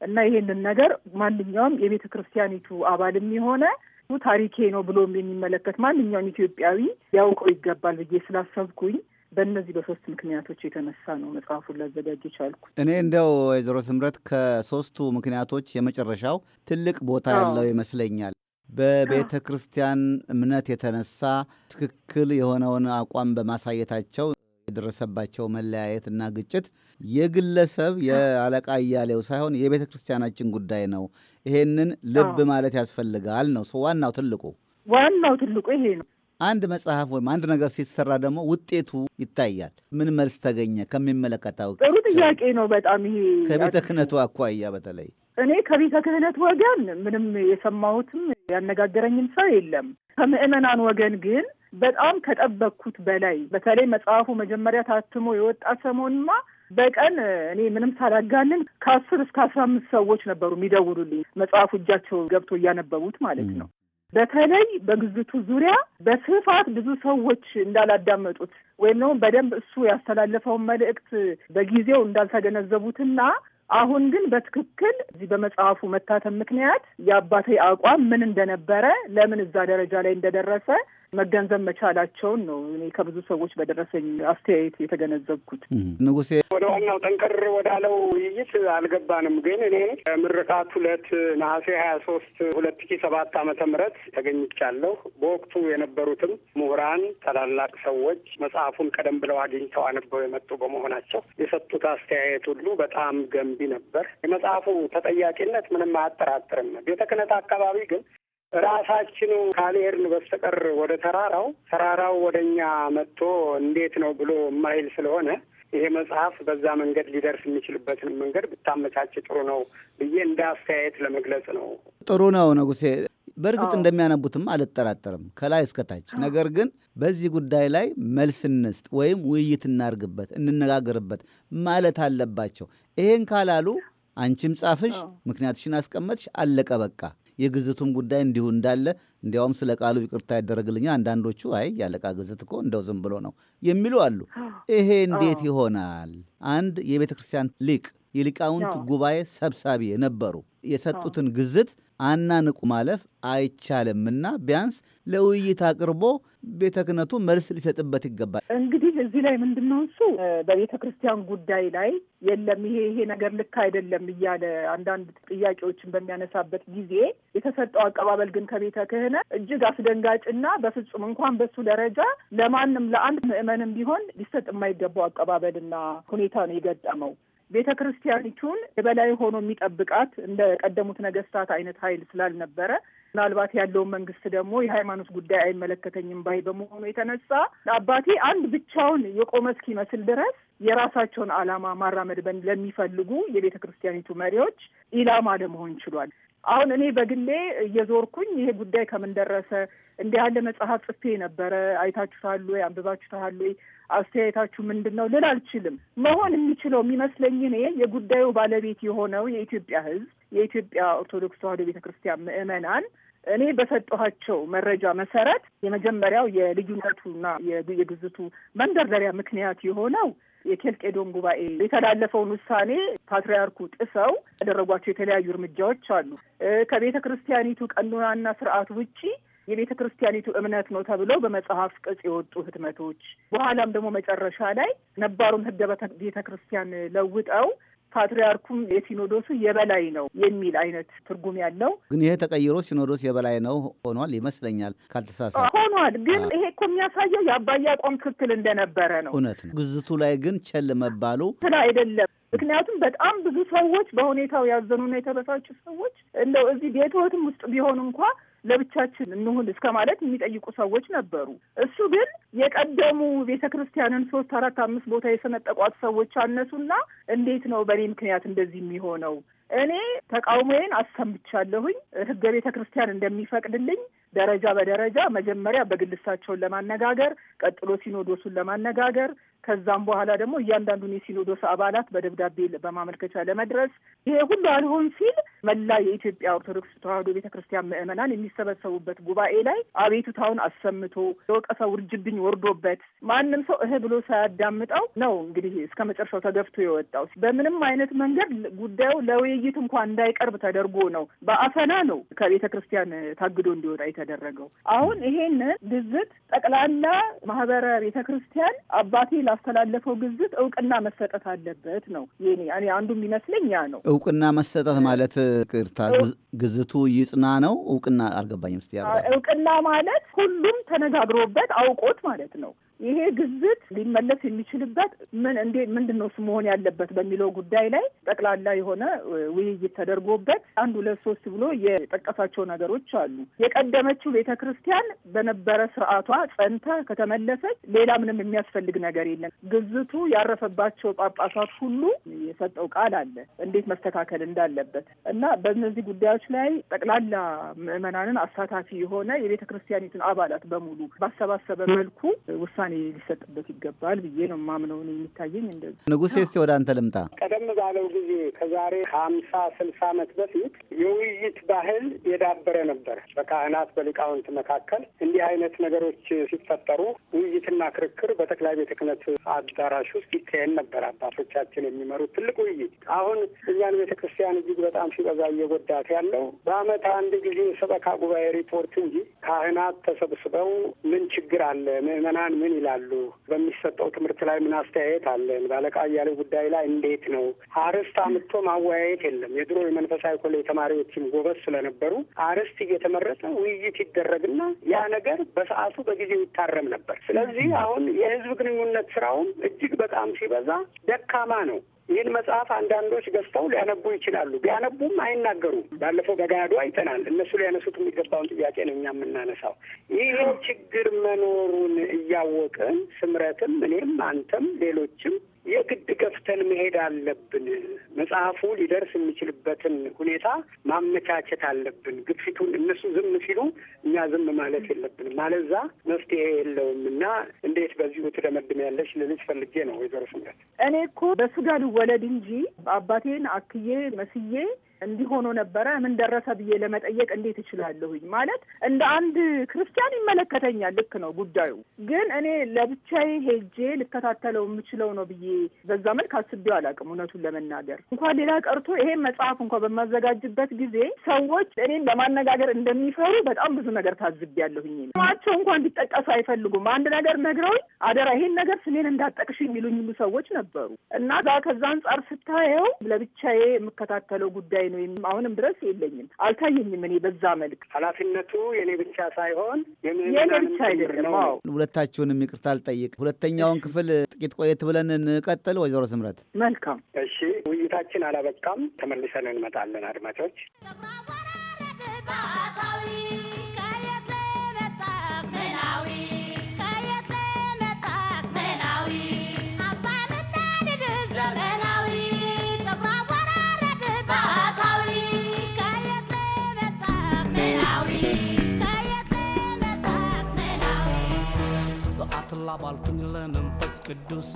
እና ይሄንን ነገር ማንኛውም የቤተ ክርስቲያኒቱ አባልም የሆነ ታሪኬ ነው ብሎ የሚመለከት ማንኛውም ኢትዮጵያዊ ሊያውቀው ይገባል ብዬ ስላሰብኩኝ በእነዚህ በሶስት ምክንያቶች የተነሳ ነው መጽሐፉን ላዘጋጅ ቻልኩ። እኔ እንደው ወይዘሮ ስምረት ከሶስቱ ምክንያቶች የመጨረሻው ትልቅ ቦታ ያለው ይመስለኛል። በቤተ ክርስቲያን እምነት የተነሳ ትክክል የሆነውን አቋም በማሳየታቸው የደረሰባቸው መለያየት እና ግጭት የግለሰብ የአለቃ እያሌው ሳይሆን የቤተ ክርስቲያናችን ጉዳይ ነው። ይሄንን ልብ ማለት ያስፈልጋል ነው ዋናው ትልቁ ዋናው ትልቁ ይሄ ነው። አንድ መጽሐፍ ወይም አንድ ነገር ሲሰራ ደግሞ ውጤቱ ይታያል። ምን መልስ ተገኘ ከሚመለከተው? ጥሩ ጥያቄ ነው በጣም ይሄ ከቤተ ክህነቱ አኳያ በተለይ እኔ ከቤተ ክህነት ወገን ምንም የሰማሁትም ያነጋገረኝም ሰው የለም። ከምዕመናን ወገን ግን በጣም ከጠበቅኩት በላይ በተለይ መጽሐፉ መጀመሪያ ታትሞ የወጣ ሰሞንማ በቀን እኔ ምንም ሳላጋንን ከአስር እስከ አስራ አምስት ሰዎች ነበሩ የሚደውሉልኝ መጽሐፉ እጃቸው ገብቶ እያነበቡት ማለት ነው። በተለይ በግዝቱ ዙሪያ በስፋት ብዙ ሰዎች እንዳላዳመጡት ወይም ደግሞ በደንብ እሱ ያስተላለፈውን መልእክት በጊዜው እንዳልተገነዘቡትና አሁን ግን በትክክል እዚህ በመጽሐፉ መታተም ምክንያት የአባቴ አቋም ምን እንደነበረ፣ ለምን እዛ ደረጃ ላይ እንደደረሰ መገንዘብ መቻላቸውን ነው እኔ ከብዙ ሰዎች በደረሰኝ አስተያየት የተገነዘብኩት። ንጉሴ፣ ወደ ዋናው ጠንቀር ወዳለው ውይይት አልገባንም፣ ግን እኔ ምርቃት ሁለት ነሐሴ ሀያ ሶስት ሁለት ሺ ሰባት አመተ ምህረት ተገኝቻለሁ። በወቅቱ የነበሩትም ምሁራን፣ ታላላቅ ሰዎች መጽሐፉን ቀደም ብለው አግኝተው አንበው የመጡ በመሆናቸው የሰጡት አስተያየት ሁሉ በጣም ገንቢ ነበር። የመጽሐፉ ተጠያቂነት ምንም አያጠራጥርም። ቤተ ክህነት አካባቢ ግን ራሳችን ካልሄድን በስተቀር ወደ ተራራው ተራራው ወደ እኛ መጥቶ እንዴት ነው ብሎ የማይል ስለሆነ ይሄ መጽሐፍ በዛ መንገድ ሊደርስ የሚችልበትን መንገድ ብታመቻች ጥሩ ነው ብዬ እንደ አስተያየት ለመግለጽ ነው። ጥሩ ነው ንጉሴ። በእርግጥ እንደሚያነቡትም አልጠራጠርም ከላይ እስከታች። ነገር ግን በዚህ ጉዳይ ላይ መልስ እንስጥ ወይም ውይይት እናርግበት፣ እንነጋገርበት ማለት አለባቸው። ይሄን ካላሉ አንቺም ጻፍሽ፣ ምክንያትሽን አስቀመጥሽ፣ አለቀ በቃ። የግዝቱም ጉዳይ እንዲሁ እንዳለ እንዲያውም ስለ ቃሉ ይቅርታ ያደረግልኝ አንዳንዶቹ አይ ያለቃ ግዝት እኮ እንደው ዝም ብሎ ነው የሚሉ አሉ። ይሄ እንዴት ይሆናል? አንድ የቤተ ክርስቲያን ሊቅ የሊቃውንት ጉባኤ ሰብሳቢ የነበሩ የሰጡትን ግዝት አናንቁ ማለፍ አይቻልምና ቢያንስ ለውይይት አቅርቦ ቤተ ክህነቱ መልስ ሊሰጥበት ይገባል። እንግዲህ እዚህ ላይ ምንድን ነው እሱ በቤተ ክርስቲያን ጉዳይ ላይ የለም ይሄ ይሄ ነገር ልክ አይደለም እያለ አንዳንድ ጥያቄዎችን በሚያነሳበት ጊዜ የተሰጠው አቀባበል ግን ከቤተ ክህነት እጅግ አስደንጋጭና በፍጹም እንኳን በሱ ደረጃ ለማንም ለአንድ ምዕመንም ቢሆን ሊሰጥ የማይገባው አቀባበልና ሁኔታ ነው የገጠመው። ቤተ ክርስቲያኒቱን የበላይ ሆኖ የሚጠብቃት እንደ ቀደሙት ነገስታት አይነት ኃይል ስላልነበረ ምናልባት ያለውን መንግስት ደግሞ የሃይማኖት ጉዳይ አይመለከተኝም ባይ በመሆኑ የተነሳ አባቴ አንድ ብቻውን የቆመ እስኪመስል ድረስ የራሳቸውን ዓላማ ማራመድ ለሚፈልጉ የቤተ ክርስቲያኒቱ መሪዎች ኢላማ ለመሆን ችሏል። አሁን እኔ በግሌ እየዞርኩኝ ይሄ ጉዳይ ከምን ደረሰ እንዲህ ያለ መጽሐፍ ጽፌ ነበረ፣ አይታችሁታል ወይ አንብባችሁታል ወይ አስተያየታችሁ ምንድን ነው ልል አልችልም። መሆን የሚችለው የሚመስለኝ እኔ የጉዳዩ ባለቤት የሆነው የኢትዮጵያ ሕዝብ የኢትዮጵያ ኦርቶዶክስ ተዋሕዶ ቤተ ክርስቲያን ምዕመናን እኔ በሰጠኋቸው መረጃ መሰረት የመጀመሪያው የልዩነቱና የግዝቱ መንደርደሪያ ምክንያት የሆነው የኬልቄዶን ጉባኤ የተላለፈውን ውሳኔ ፓትርያርኩ ጥሰው ያደረጓቸው የተለያዩ እርምጃዎች አሉ። ከቤተ ክርስቲያኒቱ ቀኖናና ስርዓት ውጪ የቤተ ክርስቲያኒቱ እምነት ነው ተብለው በመጽሐፍ ቅጽ የወጡ ህትመቶች፣ በኋላም ደግሞ መጨረሻ ላይ ነባሩን ህገ ቤተ ክርስቲያን ለውጠው ፓትሪያርኩም የሲኖዶሱ የበላይ ነው የሚል አይነት ትርጉም ያለው ግን ይሄ ተቀይሮ ሲኖዶስ የበላይ ነው ሆኗል ይመስለኛል። ካልተሳሳ ሆኗል። ግን ይሄ እኮ የሚያሳየው የአባያ አቋም ትክክል እንደነበረ ነው። እውነት ነው። ግዝቱ ላይ ግን ቸል መባሉ ስለ አይደለም። ምክንያቱም በጣም ብዙ ሰዎች በሁኔታው ያዘኑና የተበሳጩ ሰዎች እንደው እዚህ ቤትወትም ውስጥ ቢሆን እንኳ ለብቻችን እንሁን እስከ ማለት የሚጠይቁ ሰዎች ነበሩ። እሱ ግን የቀደሙ ቤተ ክርስቲያንን ሶስት አራት አምስት ቦታ የሰነጠቋት ሰዎች አነሱና እንዴት ነው በእኔ ምክንያት እንደዚህ የሚሆነው? እኔ ተቃውሞዬን አሰምቻለሁኝ። ህገ ቤተ ክርስቲያን እንደሚፈቅድልኝ ደረጃ በደረጃ መጀመሪያ በግል እሳቸውን ለማነጋገር ቀጥሎ ሲኖዶሱን ለማነጋገር ከዛም በኋላ ደግሞ እያንዳንዱን የሲኖዶስ አባላት በደብዳቤ በማመልከቻ ለመድረስ ይሄ ሁሉ አልሆን ሲል መላ የኢትዮጵያ ኦርቶዶክስ ተዋህዶ ቤተ ክርስቲያን ምዕመናን የሚሰበሰቡበት ጉባኤ ላይ አቤቱታውን አሰምቶ የወቀሰ ውርጅብኝ ወርዶበት ማንም ሰው እህ ብሎ ሳያዳምጠው ነው እንግዲህ እስከ መጨረሻው ተገፍቶ የወጣው። በምንም አይነት መንገድ ጉዳዩ ለውይይት እንኳን እንዳይቀርብ ተደርጎ ነው። በአፈና ነው ከቤተ ክርስቲያን ታግዶ እንዲወጣ የተደረገው። አሁን ይሄን ድዝት ጠቅላላ ማህበረ ቤተ ክርስቲያን አባቴ ያስተላለፈው ግዝት እውቅና መሰጠት አለበት ነው የኔ እኔ አንዱ የሚመስለኝ ያ ነው። እውቅና መሰጠት ማለት ቅርታ ግዝቱ ይጽና ነው እውቅና አልገባኝም። ስ እውቅና ማለት ሁሉም ተነጋግሮበት አውቆት ማለት ነው። ይሄ ግዝት ሊመለስ የሚችልበት ምን እንዴ ምንድን ነው እሱ መሆን ያለበት በሚለው ጉዳይ ላይ ጠቅላላ የሆነ ውይይት ተደርጎበት አንድ ሁለት ሶስት ብሎ የጠቀሳቸው ነገሮች አሉ። የቀደመችው ቤተ ክርስቲያን በነበረ ስርዓቷ ጸንታ ከተመለሰች ሌላ ምንም የሚያስፈልግ ነገር የለም። ግዝቱ ያረፈባቸው ጳጳሳት ሁሉ የሰጠው ቃል አለ እንዴት መስተካከል እንዳለበት እና በእነዚህ ጉዳዮች ላይ ጠቅላላ ምዕመናንን አሳታፊ የሆነ የቤተ ክርስቲያኒቱን አባላት በሙሉ ባሰባሰበ መልኩ ውሳኔ ውሳኔ ሊሰጥበት ይገባል ብዬ ነው የማምነው የሚታየኝ። እንደዚህ ንጉሴ፣ እስቲ ወደ አንተ ልምጣ። ቀደም ባለው ጊዜ ከዛሬ ሀምሳ ስልሳ አመት በፊት የውይይት ባህል የዳበረ ነበር። በካህናት በሊቃውንት መካከል እንዲህ አይነት ነገሮች ሲፈጠሩ ውይይትና ክርክር በጠቅላይ ቤተ ክህነት አዳራሽ ውስጥ ይካሄድ ነበር። አባቶቻችን የሚመሩት ትልቅ ውይይት አሁን እኛን ቤተ ክርስቲያን እጅግ በጣም ሲበዛ እየጎዳት ያለው በአመት አንድ ጊዜ ሰበካ ጉባኤ ሪፖርት እንጂ ካህናት ተሰብስበው ምን ችግር አለ፣ ምዕመናን ምን ይላሉ? በሚሰጠው ትምህርት ላይ ምን አስተያየት አለን? ባለቃ እያሌው ጉዳይ ላይ እንዴት ነው? አርዕስት አምጥቶ ማወያየት የለም። የድሮ የመንፈሳዊ ኮሌጅ ተማሪዎችም ጎበዝ ስለነበሩ አርዕስት እየተመረጠ ውይይት ይደረግና ያ ነገር በሰዓቱ በጊዜው ይታረም ነበር። ስለዚህ አሁን የህዝብ ግንኙነት ስራውም እጅግ በጣም ሲበዛ ደካማ ነው። ይህን መጽሐፍ አንዳንዶች ገዝተው ሊያነቡ ይችላሉ። ቢያነቡም አይናገሩም። ባለፈው በጋዶ አይተናል። እነሱ ሊያነሱት የሚገባውን ጥያቄ ነው እኛ የምናነሳው። ይህ ችግር መኖሩን እያወቅን ስምረትም፣ እኔም፣ አንተም ሌሎችም የግድ ገፍተን መሄድ አለብን። መጽሐፉ ሊደርስ የሚችልበትን ሁኔታ ማመቻቸት አለብን። ግፊቱን እነሱ ዝም ሲሉ እኛ ዝም ማለት የለብንም። አለዛ መፍትሄ የለውም እና እንዴት በዚሁ ትደመድሚያለሽ ልልሽ ፈልጌ ነው። ወይዘሮ ስምረት እኔ እኮ በስጋ ልወለድ እንጂ አባቴን አክዬ መስዬ እንዲህ ነበረ ምን ደረሰ ብዬ ለመጠየቅ እንዴት እችላለሁኝ? ማለት እንደ አንድ ክርስቲያን ይመለከተኛል። ልክ ነው ጉዳዩ ግን እኔ ለብቻዬ ሄጄ ልከታተለው የምችለው ነው ብዬ በዛ መልክ አስቤው አላውቅም። እውነቱን ለመናገር እንኳን ሌላ ቀርቶ ይሄን መጽሐፍ እንኳ በማዘጋጅበት ጊዜ ሰዎች እኔን ለማነጋገር እንደሚፈሩ በጣም ብዙ ነገር ታዝቤያለሁኝ። ስማቸው እንኳ እንዲጠቀሱ አይፈልጉም። አንድ ነገር ነግረውኝ አደራ ይሄን ነገር ስሜን እንዳጠቅሽ የሚሉኝ ሁሉ ሰዎች ነበሩ እና ከዛ አንጻር ስታየው ለብቻዬ የምከታተለው ጉዳይ ነው። ወይም አሁንም ድረስ የለኝም፣ አልታየኝም። እኔ በዛ መልክ ኃላፊነቱ የኔ ብቻ ሳይሆን የኔ ብቻ አይደለም። ሁለታችሁንም ይቅርታ አልጠይቅ። ሁለተኛውን ክፍል ጥቂት ቆየት ብለን እንቀጥል። ወይዘሮ ስምረት መልካም። እሺ ውይይታችን አላበቃም፣ ተመልሰን እንመጣለን አድማጮች ተጠላ ባልኩኝ ለመንፈስ ቅዱስ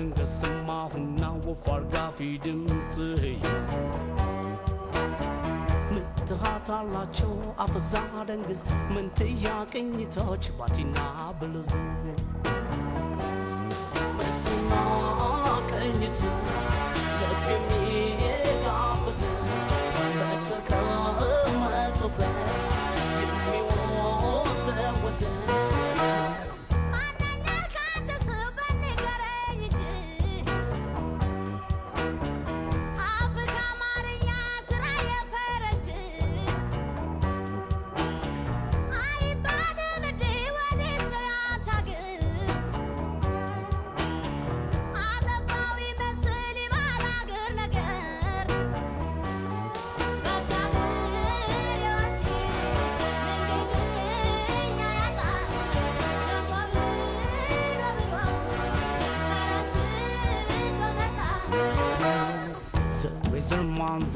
እንገስማሁና ወፍ አርጋፊ ድምፅ ምትሃት አላቸው አፈዛ ደንግዝ መንትያ ቅኝቶች ባቲና ብልዝ ምትና ቅኝቱ ጋብዝ በተቀመጡበት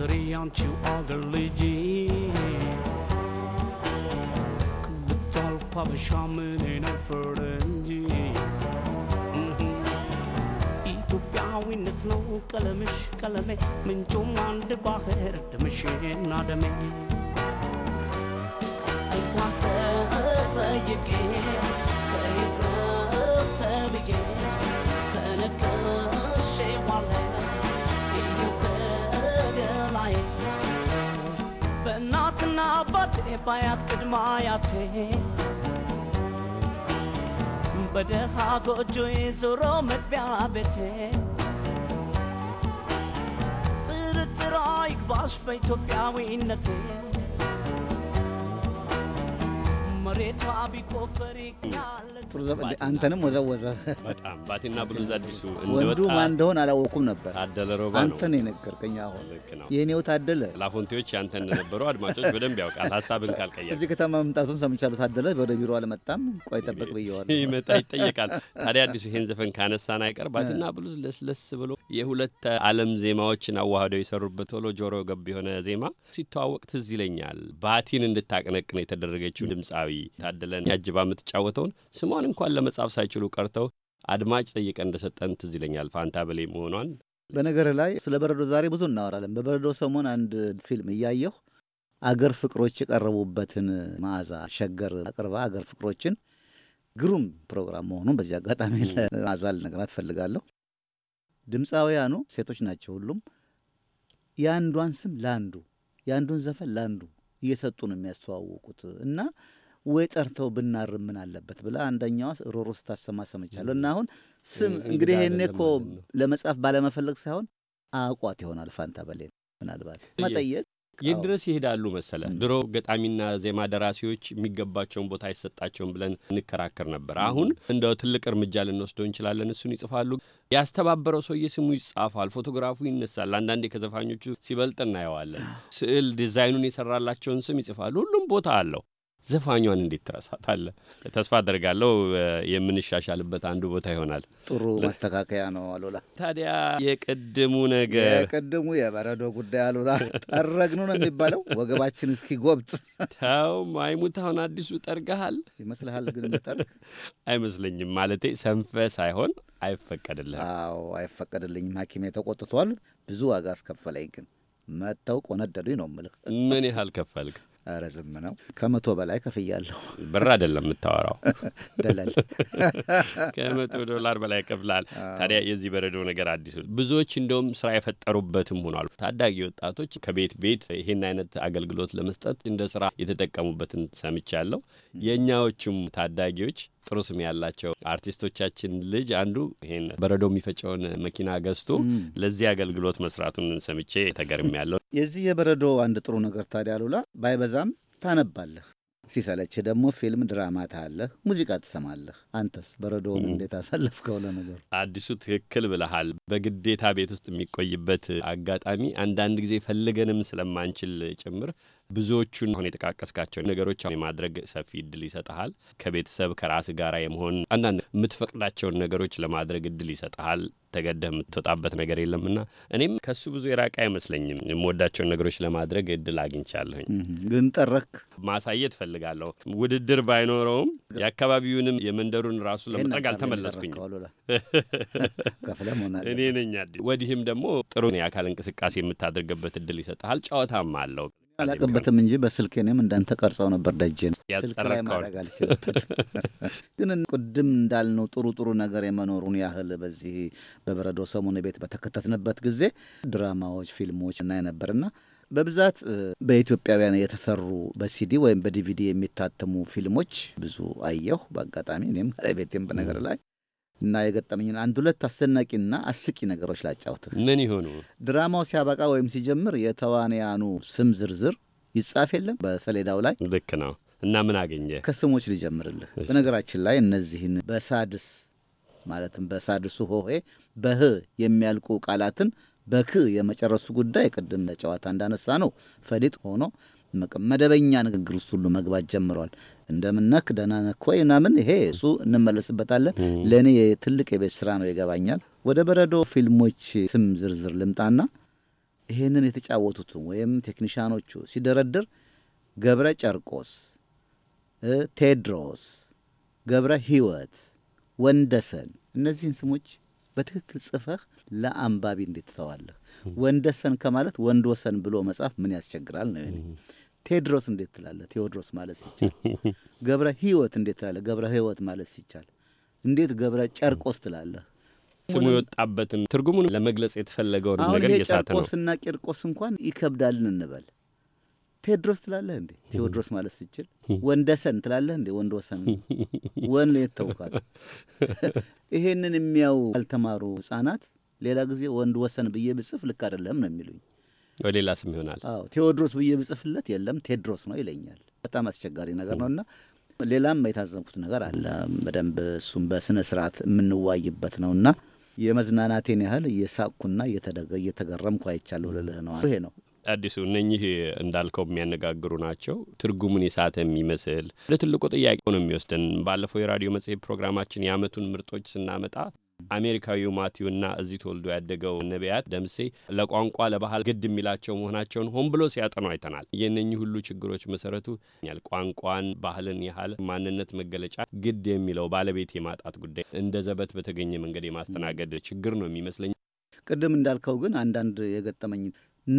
زريانتي وأغلجي كبتالقى بشاملين الفرنجي ኢትዮጵያዊነት ነው ቀለምሽ ቀለሜ ምንጩም አንድ ባህር ደምሽና ደሜ እንኳን ተጠይቄ አባያት ቅድመ አያቴ በደሃ ጎጆዬ ዞሮ መግቢያ ቤቴ ጥርጥር አይግባሽ በኢትዮጵያዊነቴ መሬቷ ቢቆፈር ይግኛ ጥሩ አንተንም ወዘወዘ በጣም ባቲና ብሉዝ አዲሱ ወንዱ ማን እንደሆን አላወኩም ነበር። ታደለ ሮባ ነው አንተን የነገርከኝ። አሁን የእኔው ታደለ ላፎንቴዎች ያንተን ነበሩ። አድማጮች በደንብ ያውቃል። ሀሳብን ካልቀየር እዚህ ከተማ መምጣቱን ሰምቻለሁ። ታደለ ወደ ቢሮ አልመጣም። ቆይ ጠበቅ ብየዋለሁ። ይመጣ ይጠየቃል። ታዲያ አዲሱ ይህን ዘፈን ካነሳን አይቀር ባቲና ብሉዝ ለስለስ ብሎ የሁለት ዓለም ዜማዎችን አዋህደው የሰሩበት ቶሎ ጆሮ ገብ የሆነ ዜማ ሲተዋወቅ ትዝ ይለኛል። ባቲን እንድታቀነቅን የተደረገችው ድምፃዊ ታደለን ያጅባ የምትጫወተውን ስሟ ግጥሟን እንኳን ለመጻፍ ሳይችሉ ቀርተው አድማጭ ጠይቀ እንደሰጠን ትዝ ይለኛል ፋንታ በሌ መሆኗን። በነገር ላይ ስለ በረዶ ዛሬ ብዙ እናወራለን። በበረዶ ሰሞን አንድ ፊልም እያየሁ አገር ፍቅሮች የቀረቡበትን መዓዛ ሸገር አቅርባ አገር ፍቅሮችን ግሩም ፕሮግራም መሆኑን በዚህ አጋጣሚ ለመዓዛ ልነግራት እፈልጋለሁ። ድምፃውያኑ ሴቶች ናቸው። ሁሉም የአንዷን ስም ለአንዱ የአንዱን ዘፈን ለአንዱ እየሰጡ ነው የሚያስተዋውቁት እና ወይ ጠርተው ብናር ምን አለበት ብላ አንደኛዋ ሮሮ ስታሰማ ሰምቻለሁ። እና አሁን ስም እንግዲህ ይሄኔ እኮ ለመጻፍ ባለመፈለግ ሳይሆን አቋት ይሆናል ፋንታ በሌን ምናልባት መጠየቅ የት ድረስ ይሄዳሉ መሰለ። ድሮ ገጣሚና ዜማ ደራሲዎች የሚገባቸውን ቦታ አይሰጣቸውም ብለን እንከራከር ነበር። አሁን እንደው ትልቅ እርምጃ ልንወስደው እንችላለን። እሱን ይጽፋሉ። ያስተባበረው ሰውዬ ስሙ ይጻፋል፣ ፎቶግራፉ ይነሳል። አንዳንዴ ከዘፋኞቹ ሲበልጥ እናየዋለን። ስዕል ዲዛይኑን የሰራላቸውን ስም ይጽፋሉ። ሁሉም ቦታ አለው። ዘፋኟን እንዴት ትረሳታለ? ተስፋ አደርጋለሁ የምንሻሻልበት አንዱ ቦታ ይሆናል። ጥሩ ማስተካከያ ነው አሉላ። ታዲያ የቅድሙ ነገር የቅድሙ የበረዶ ጉዳይ አሉላ፣ ጠረግኑ ነው የሚባለው። ወገባችን እስኪ ጎብጥ ተው ማይሙት። አሁን አዲሱ ጠርገሃል ይመስልሃል? ግን ጠርግ አይመስለኝም። ማለቴ ሰንፈ ሳይሆን አይፈቀድልህ። አዎ አይፈቀድልኝም። ሐኪሜ ተቆጥቷል። ብዙ ዋጋ አስከፈለኝ። ግን መጥተው ቆነደዱኝ ነው ምልህ። ምን ያህል ከፈልግ? ረዝም ነው። ከመቶ በላይ ከፍያለሁ። ብር አይደለም የምታወራው ደለል ከመቶ ዶላር በላይ ከፍላል። ታዲያ የዚህ በረዶ ነገር አዲሱ ብዙዎች እንደውም ስራ የፈጠሩበትም ሆኗል። ታዳጊ ወጣቶች ከቤት ቤት ይህን አይነት አገልግሎት ለመስጠት እንደ ስራ የተጠቀሙበትን ሰምቻለሁ። የእኛዎቹም ታዳጊዎች ጥሩ ስም ያላቸው አርቲስቶቻችን ልጅ አንዱ ይሄን በረዶ የሚፈጨውን መኪና ገዝቶ ለዚህ አገልግሎት መስራቱን ሰምቼ ተገርም ያለው። የዚህ የበረዶ አንድ ጥሩ ነገር ታዲያ አሉላ ባይበዛም ታነባለህ፣ ሲሰለች ደግሞ ፊልም ድራማ ታያለህ፣ ሙዚቃ ትሰማለህ። አንተስ በረዶውን እንዴት አሳለፍከው? ለነገሩ አዲሱ ትክክል ብለሃል። በግዴታ ቤት ውስጥ የሚቆይበት አጋጣሚ አንዳንድ ጊዜ ፈልገንም ስለማንችል ጭምር ብዙዎቹን አሁን የጠቃቀስካቸው ነገሮች የማድረግ ሰፊ እድል ይሰጠሃል። ከቤተሰብ ከራስ ጋር የመሆን አንዳንድ የምትፈቅዳቸውን ነገሮች ለማድረግ እድል ይሰጠሃል። ተገደህ የምትወጣበት ነገር የለምና እኔም ከሱ ብዙ የራቀ አይመስለኝም። የምወዳቸውን ነገሮች ለማድረግ እድል አግኝቻለሁኝ። ግን ጠረክ ማሳየት ፈልጋለሁ። ውድድር ባይኖረውም የአካባቢውንም የመንደሩን ራሱ ለመጥረግ አልተመለስኩኝም። እኔ ነኝ አዲስ። ወዲህም ደግሞ ጥሩ የአካል እንቅስቃሴ የምታደርግበት እድል ይሰጠሃል። ጨዋታም አለው አላቅበትም እንጂ በስልክ እኔም እንዳንተ ቀርጸው ነበር ደጄን ስልክ ላይ ማድረግ አልችልበት። ግን ቅድም እንዳልነው ጥሩ ጥሩ ነገር የመኖሩን ያህል በዚህ በበረዶ ሰሞኑ ቤት በተከተትንበት ጊዜ ድራማዎች፣ ፊልሞች እና የነበርና በብዛት በኢትዮጵያውያን የተሰሩ በሲዲ ወይም በዲቪዲ የሚታተሙ ፊልሞች ብዙ አየሁ። በአጋጣሚ እኔም ባለቤቴም በነገር ላይ እና የገጠመኝን አንድ ሁለት አስደናቂና አስቂ ነገሮች ላጫውትህ። ምን ይሆኑ? ድራማው ሲያበቃ ወይም ሲጀምር የተዋንያኑ ስም ዝርዝር ይጻፍ የለም በሰሌዳው ላይ። ልክ ነው። እና ምን አገኘ? ከስሞች ሊጀምርልህ በነገራችን ላይ እነዚህን በሳድስ ማለትም በሳድሱ ሆሄ በህ የሚያልቁ ቃላትን በክ የመጨረሱ ጉዳይ ቅድም ለጨዋታ እንዳነሳ ነው ፈሊጥ ሆኖ መደበኛ ንግግር ውስጥ ሁሉ መግባት ጀምሯል። እንደምነክ ነክ ወይ ምናምን ይሄ እሱ እንመለስበታለን። ለእኔ ትልቅ የቤት ስራ ነው ይገባኛል። ወደ በረዶ ፊልሞች ስም ዝርዝር ልምጣና ይሄንን የተጫወቱት ወይም ቴክኒሽያኖቹ ሲደረድር ገብረ ጨርቆስ፣ ቴድሮስ፣ ገብረ ህይወት፣ ወንደሰን እነዚህን ስሞች በትክክል ጽፈህ ለአንባቢ እንዴት ተዋለህ? ወንደሰን ከማለት ወንድ ወሰን ብሎ መጻፍ ምን ያስቸግራል ነው ቴድሮስ እንዴት ትላለ? ቴዎድሮስ ማለት ሲቻል ገብረ ህይወት እንዴት ትላለ? ገብረ ህይወት ማለት ሲቻል እንዴት ገብረ ጨርቆስ ትላለህ? ስሙ የወጣበትን ትርጉሙን ለመግለጽ የተፈለገውን ነገር እየሳተ ነው። ጨርቆስና ቂርቆስ እንኳን ይከብዳልን እንበል ቴድሮስ ትላለህ እንዴ? ቴዎድሮስ ማለት ሲችል፣ ወንደሰን ትላለህ እንዴ? ወንድ ወሰን ወን የተውኳል። ይሄንን የሚያው ያልተማሩ ህጻናት ሌላ ጊዜ ወንድ ወሰን ብዬ ብጽፍ ልክ አይደለም ነው የሚሉኝ። በሌላ ስም ይሆናል። አዎ ቴዎድሮስ ብዬ ብጽፍለት የለም ቴድሮስ ነው ይለኛል። በጣም አስቸጋሪ ነገር ነውና ሌላም የታዘብኩት ነገር አለ። በደንብ እሱም በስነ ስርዓት የምንዋይበት ነውና የመዝናናቴን ያህል እየሳቅኩና እየተገረምኩ አይቻለሁ ልልህ ነው። ይሄ ነው አዲሱ። እነኚህ እንዳልከው የሚያነጋግሩ ናቸው። ትርጉሙን የሳተ የሚመስል ለትልቁ ጥያቄ ነው የሚወስደን። ባለፈው የራዲዮ መጽሔት ፕሮግራማችን የአመቱን ምርጦች ስናመጣ አሜሪካዊው ማቲዩና እዚህ ተወልዶ ያደገው ነቢያት ደምሴ ለቋንቋ ለባህል ግድ የሚላቸው መሆናቸውን ሆን ብሎ ሲያጠኑ አይተናል። የእነኚህ ሁሉ ችግሮች መሰረቱ ቋንቋን፣ ባህልን ያህል ማንነት መገለጫ ግድ የሚለው ባለቤት የማጣት ጉዳይ እንደ ዘበት በተገኘ መንገድ የማስተናገድ ችግር ነው የሚመስለኝ። ቅድም እንዳልከው ግን አንዳንድ የገጠመኝ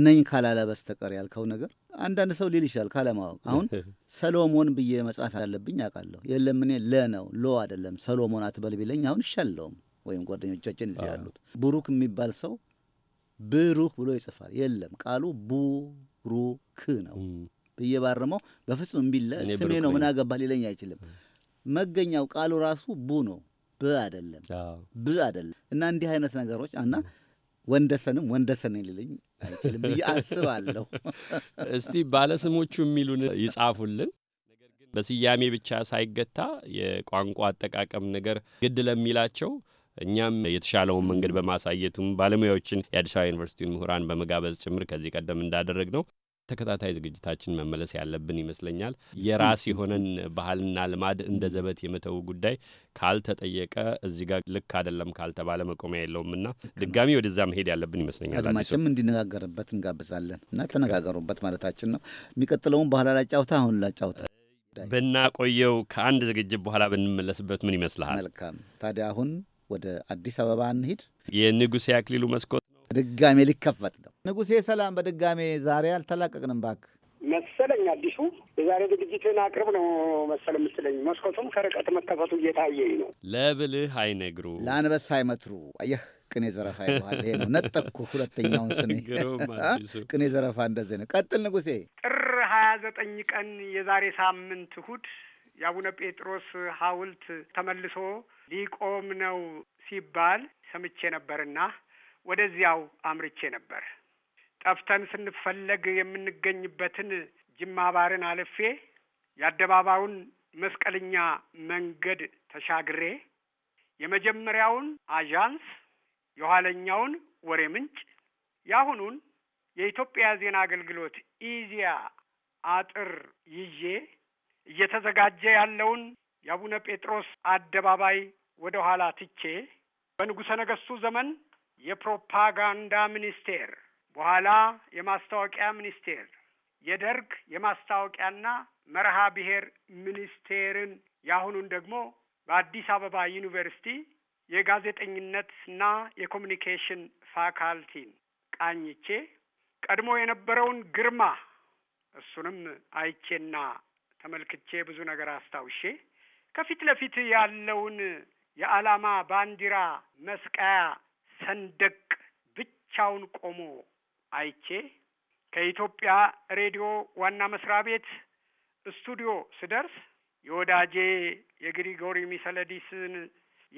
ነኝ ካላለ በስተቀር ያልከው ነገር አንዳንድ ሰው ሊል ይችላል ካለማወቅ። አሁን ሰሎሞን ብዬ መጽሐፍ ያለብኝ አውቃለሁ። የለም እኔ ለ ነው ሎ አይደለም ሰሎሞን አትበል ቢለኝ አሁን ይሻለውም ወይም ጓደኞቻችን እዚህ ያሉት ብሩክ የሚባል ሰው ብሩክ ብሎ ይጽፋል። የለም ቃሉ ቡሩክ ነው ብዬ ባረመው በፍጹም እምቢለ ስሜ ነው ምን አገባ ሊለኝ አይችልም። መገኛው ቃሉ ራሱ ቡ ነው ብ አደለም ብ አደለም። እና እንዲህ አይነት ነገሮች እና ወንደሰንም ወንደሰን ሊለኝ አይችልም ብዬ አስባለሁ። እስቲ ባለስሞቹ የሚሉን ይጻፉልን። በስያሜ ብቻ ሳይገታ የቋንቋ አጠቃቀም ነገር ግድ ለሚላቸው እኛም የተሻለውን መንገድ በማሳየቱም ባለሙያዎችን የአዲስ አበባ ዩኒቨርሲቲውን ምሁራን በመጋበዝ ጭምር ከዚህ ቀደም እንዳደረግ ነው ተከታታይ ዝግጅታችን መመለስ ያለብን ይመስለኛል። የራስ የሆነን ባህልና ልማድ እንደ ዘበት የመተው ጉዳይ ካልተጠየቀ እዚህ ጋር ልክ አይደለም ካልተባለ መቆሚያ የለውምና ድጋሚ ወደዛ መሄድ ያለብን ይመስለኛል። አድማጭም እንዲነጋገርበት እንጋብዛለን እና ተነጋገሩበት ማለታችን ነው። የሚቀጥለውን በኋላ ላጫውታ አሁን ላጫውታ ብናቆየው ከአንድ ዝግጅት በኋላ ብንመለስበት ምን ይመስልሃል? መልካም ታዲያ አሁን ወደ አዲስ አበባ እንሂድ። የንጉሴ አክሊሉ መስኮት በድጋሜ ሊከፈት ነው። ንጉሴ ሰላም፣ በድጋሜ ዛሬ አልተላቀቅንም ባክ መሰለኝ አዲሱ የዛሬ ዝግጅትን አቅርብ ነው መሰለ ምስለኝ። መስኮቱም ከርቀት መከፈቱ እየታየኝ ነው። ለብልህ አይነግሩ ለአንበሳ አይመትሩ። አየህ ቅኔ ዘረፋ ይባል ይሄ ነው። ነጠቅኩ ሁለተኛውን ስኔ ቅኔ ዘረፋ እንደዚህ ነው። ቀጥል ንጉሴ። ጥር ሀያ ዘጠኝ ቀን የዛሬ ሳምንት እሁድ የአቡነ ጴጥሮስ ሐውልት ተመልሶ ሊቆም ነው ሲባል ሰምቼ ነበርና ወደዚያው አምርቼ ነበር። ጠፍተን ስንፈለግ የምንገኝበትን ጅማ ባርን አልፌ የአደባባዩን መስቀልኛ መንገድ ተሻግሬ የመጀመሪያውን አዣንስ፣ የኋለኛውን ወሬ ምንጭ፣ የአሁኑን የኢትዮጵያ ዜና አገልግሎት ኢዚያ አጥር ይዤ እየተዘጋጀ ያለውን የአቡነ ጴጥሮስ አደባባይ ወደ ኋላ ትቼ በንጉሠ ነገሥቱ ዘመን የፕሮፓጋንዳ ሚኒስቴር በኋላ የማስታወቂያ ሚኒስቴር የደርግ የማስታወቂያና መርሃ ብሔር ሚኒስቴርን ያሁኑን ደግሞ በአዲስ አበባ ዩኒቨርሲቲ የጋዜጠኝነትና የኮሚኒኬሽን ፋካልቲን ቃኝቼ ቀድሞ የነበረውን ግርማ እሱንም አይቼና ተመልክቼ ብዙ ነገር አስታውሼ ከፊት ለፊት ያለውን የዓላማ ባንዲራ መስቀያ ሰንደቅ ብቻውን ቆሞ አይቼ ከኢትዮጵያ ሬዲዮ ዋና መስሪያ ቤት ስቱዲዮ ስደርስ የወዳጄ የግሪጎሪ ሚሰለዲስን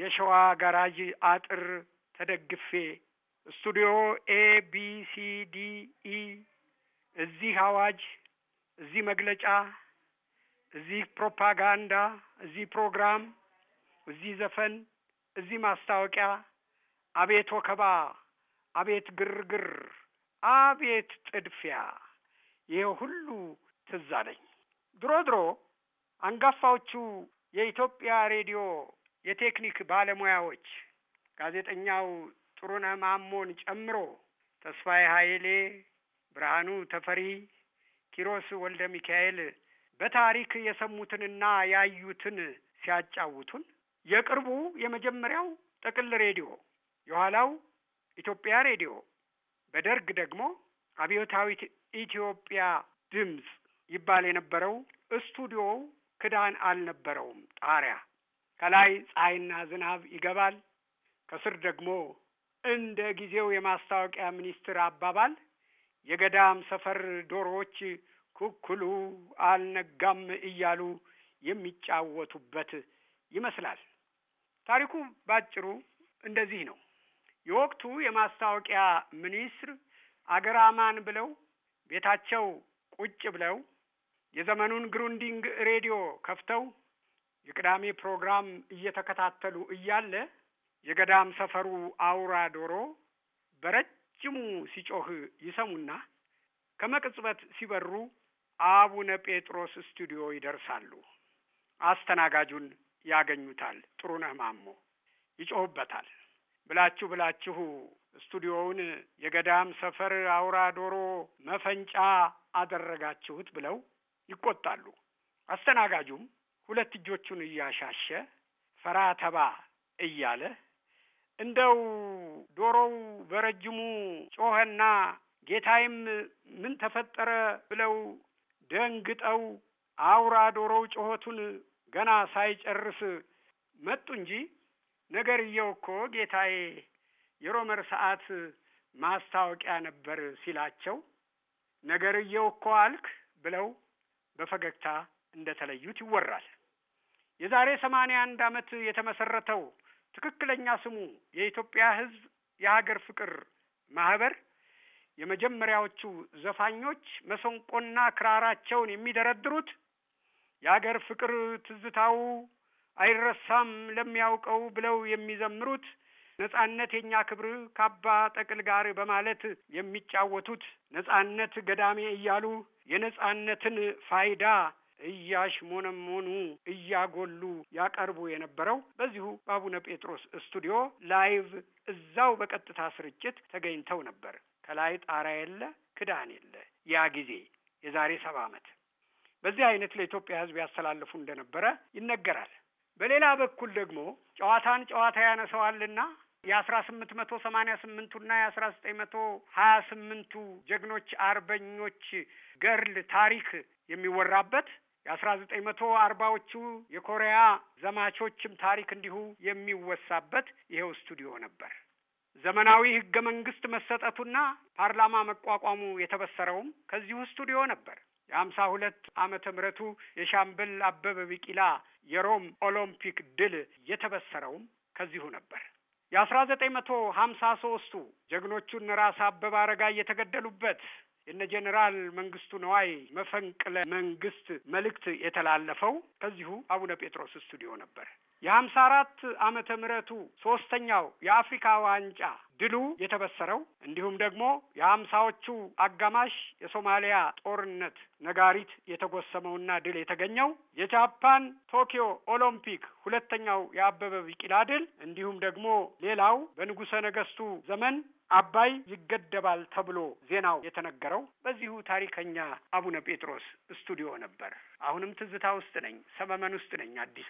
የሸዋ ጋራዥ አጥር ተደግፌ ስቱዲዮ ኤ ቢ ሲ ዲ ኢ እዚህ አዋጅ፣ እዚህ መግለጫ፣ እዚህ ፕሮፓጋንዳ፣ እዚህ ፕሮግራም እዚህ ዘፈን፣ እዚህ ማስታወቂያ፣ አቤት ወከባ፣ አቤት ግርግር፣ አቤት ጥድፊያ፣ ይሄ ሁሉ ትዝ አለኝ። ድሮ ድሮ አንጋፋዎቹ የኢትዮጵያ ሬዲዮ የቴክኒክ ባለሙያዎች ጋዜጠኛው ጥሩነህ ማሞን ጨምሮ ተስፋዬ ኃይሌ፣ ብርሃኑ ተፈሪ፣ ኪሮስ ወልደ ሚካኤል በታሪክ የሰሙትንና ያዩትን ሲያጫውቱን የቅርቡ የመጀመሪያው ጥቅል ሬዲዮ፣ የኋላው ኢትዮጵያ ሬዲዮ፣ በደርግ ደግሞ አብዮታዊት ኢትዮጵያ ድምፅ ይባል የነበረው ስቱዲዮው ክዳን አልነበረውም። ጣሪያ ከላይ ፀሐይና ዝናብ ይገባል፣ ከስር ደግሞ እንደ ጊዜው የማስታወቂያ ሚኒስትር አባባል የገዳም ሰፈር ዶሮዎች ኩኩሉ አልነጋም እያሉ የሚጫወቱበት ይመስላል። ታሪኩ ባጭሩ እንደዚህ ነው። የወቅቱ የማስታወቂያ ሚኒስትር አገራማን ብለው ቤታቸው ቁጭ ብለው የዘመኑን ግሩንዲንግ ሬዲዮ ከፍተው የቅዳሜ ፕሮግራም እየተከታተሉ እያለ የገዳም ሰፈሩ አውራ ዶሮ በረጅሙ ሲጮህ ይሰሙና ከመቅጽበት ሲበሩ አቡነ ጴጥሮስ ስቱዲዮ ይደርሳሉ። አስተናጋጁን ያገኙታል። ጥሩነህ ማሞ ይጮህበታል። ብላችሁ ብላችሁ ስቱዲዮውን የገዳም ሰፈር አውራ ዶሮ መፈንጫ አደረጋችሁት ብለው ይቆጣሉ። አስተናጋጁም ሁለት እጆቹን እያሻሸ ፈራ ተባ እያለ እንደው ዶሮው በረጅሙ ጮኸና ጌታይም ምን ተፈጠረ ብለው ደንግጠው አውራ ዶሮው ጮኸቱን ገና ሳይጨርስ መጡ እንጂ ነገርየው እኮ ጌታዬ የሮመር ሰዓት ማስታወቂያ ነበር ሲላቸው ነገርየው እኮ አልክ ብለው በፈገግታ እንደተለዩት ይወራል። የዛሬ ሰማንያ አንድ ዓመት የተመሰረተው ትክክለኛ ስሙ የኢትዮጵያ ሕዝብ የሀገር ፍቅር ማህበር የመጀመሪያዎቹ ዘፋኞች መሰንቆና ክራራቸውን የሚደረድሩት የአገር ፍቅር ትዝታው አይረሳም ለሚያውቀው ብለው የሚዘምሩት ነጻነት የእኛ ክብር ካባ ጠቅል ጋር በማለት የሚጫወቱት ነጻነት ገዳሜ እያሉ የነጻነትን ፋይዳ እያሽሞነሞኑ እያጎሉ ያቀርቡ የነበረው በዚሁ በአቡነ ጴጥሮስ ስቱዲዮ ላይቭ እዛው በቀጥታ ስርጭት ተገኝተው ነበር። ከላይ ጣራ የለ ክዳን የለ ያ ጊዜ የዛሬ ሰባ ዓመት በዚህ አይነት ለኢትዮጵያ ሕዝብ ያስተላልፉ እንደነበረ ይነገራል። በሌላ በኩል ደግሞ ጨዋታን ጨዋታ ያነሰዋልና የአስራ ስምንት መቶ ሰማኒያ ስምንቱና የአስራ ዘጠኝ መቶ ሀያ ስምንቱ ጀግኖች አርበኞች ገርል ታሪክ የሚወራበት የአስራ ዘጠኝ መቶ አርባዎቹ የኮሪያ ዘማቾችም ታሪክ እንዲሁ የሚወሳበት ይኸው ስቱዲዮ ነበር። ዘመናዊ ህገ መንግስት መሰጠቱና ፓርላማ መቋቋሙ የተበሰረውም ከዚሁ ስቱዲዮ ነበር። የአምሳ ሁለት ዓመተ ምረቱ የሻምበል አበበ ቢቂላ የሮም ኦሎምፒክ ድል የተበሰረውም ከዚሁ ነበር። የአስራ ዘጠኝ መቶ ሀምሳ ሶስቱ ጀግኖቹን ራስ አበበ አረጋ የተገደሉበት የነ ጄኔራል መንግስቱ ነዋይ መፈንቅለ መንግስት መልእክት የተላለፈው ከዚሁ አቡነ ጴጥሮስ ስቱዲዮ ነበር። የሀምሳ አራት ዓመተ ምህረቱ ሶስተኛው የአፍሪካ ዋንጫ ድሉ የተበሰረው እንዲሁም ደግሞ የሀምሳዎቹ አጋማሽ የሶማሊያ ጦርነት ነጋሪት የተጎሰመውና ድል የተገኘው የጃፓን ቶኪዮ ኦሎምፒክ ሁለተኛው የአበበ ቢቂላ ድል እንዲሁም ደግሞ ሌላው በንጉሠ ነገሥቱ ዘመን አባይ ይገደባል ተብሎ ዜናው የተነገረው በዚሁ ታሪከኛ አቡነ ጴጥሮስ ስቱዲዮ ነበር። አሁንም ትዝታ ውስጥ ነኝ፣ ሰመመን ውስጥ ነኝ። አዲሱ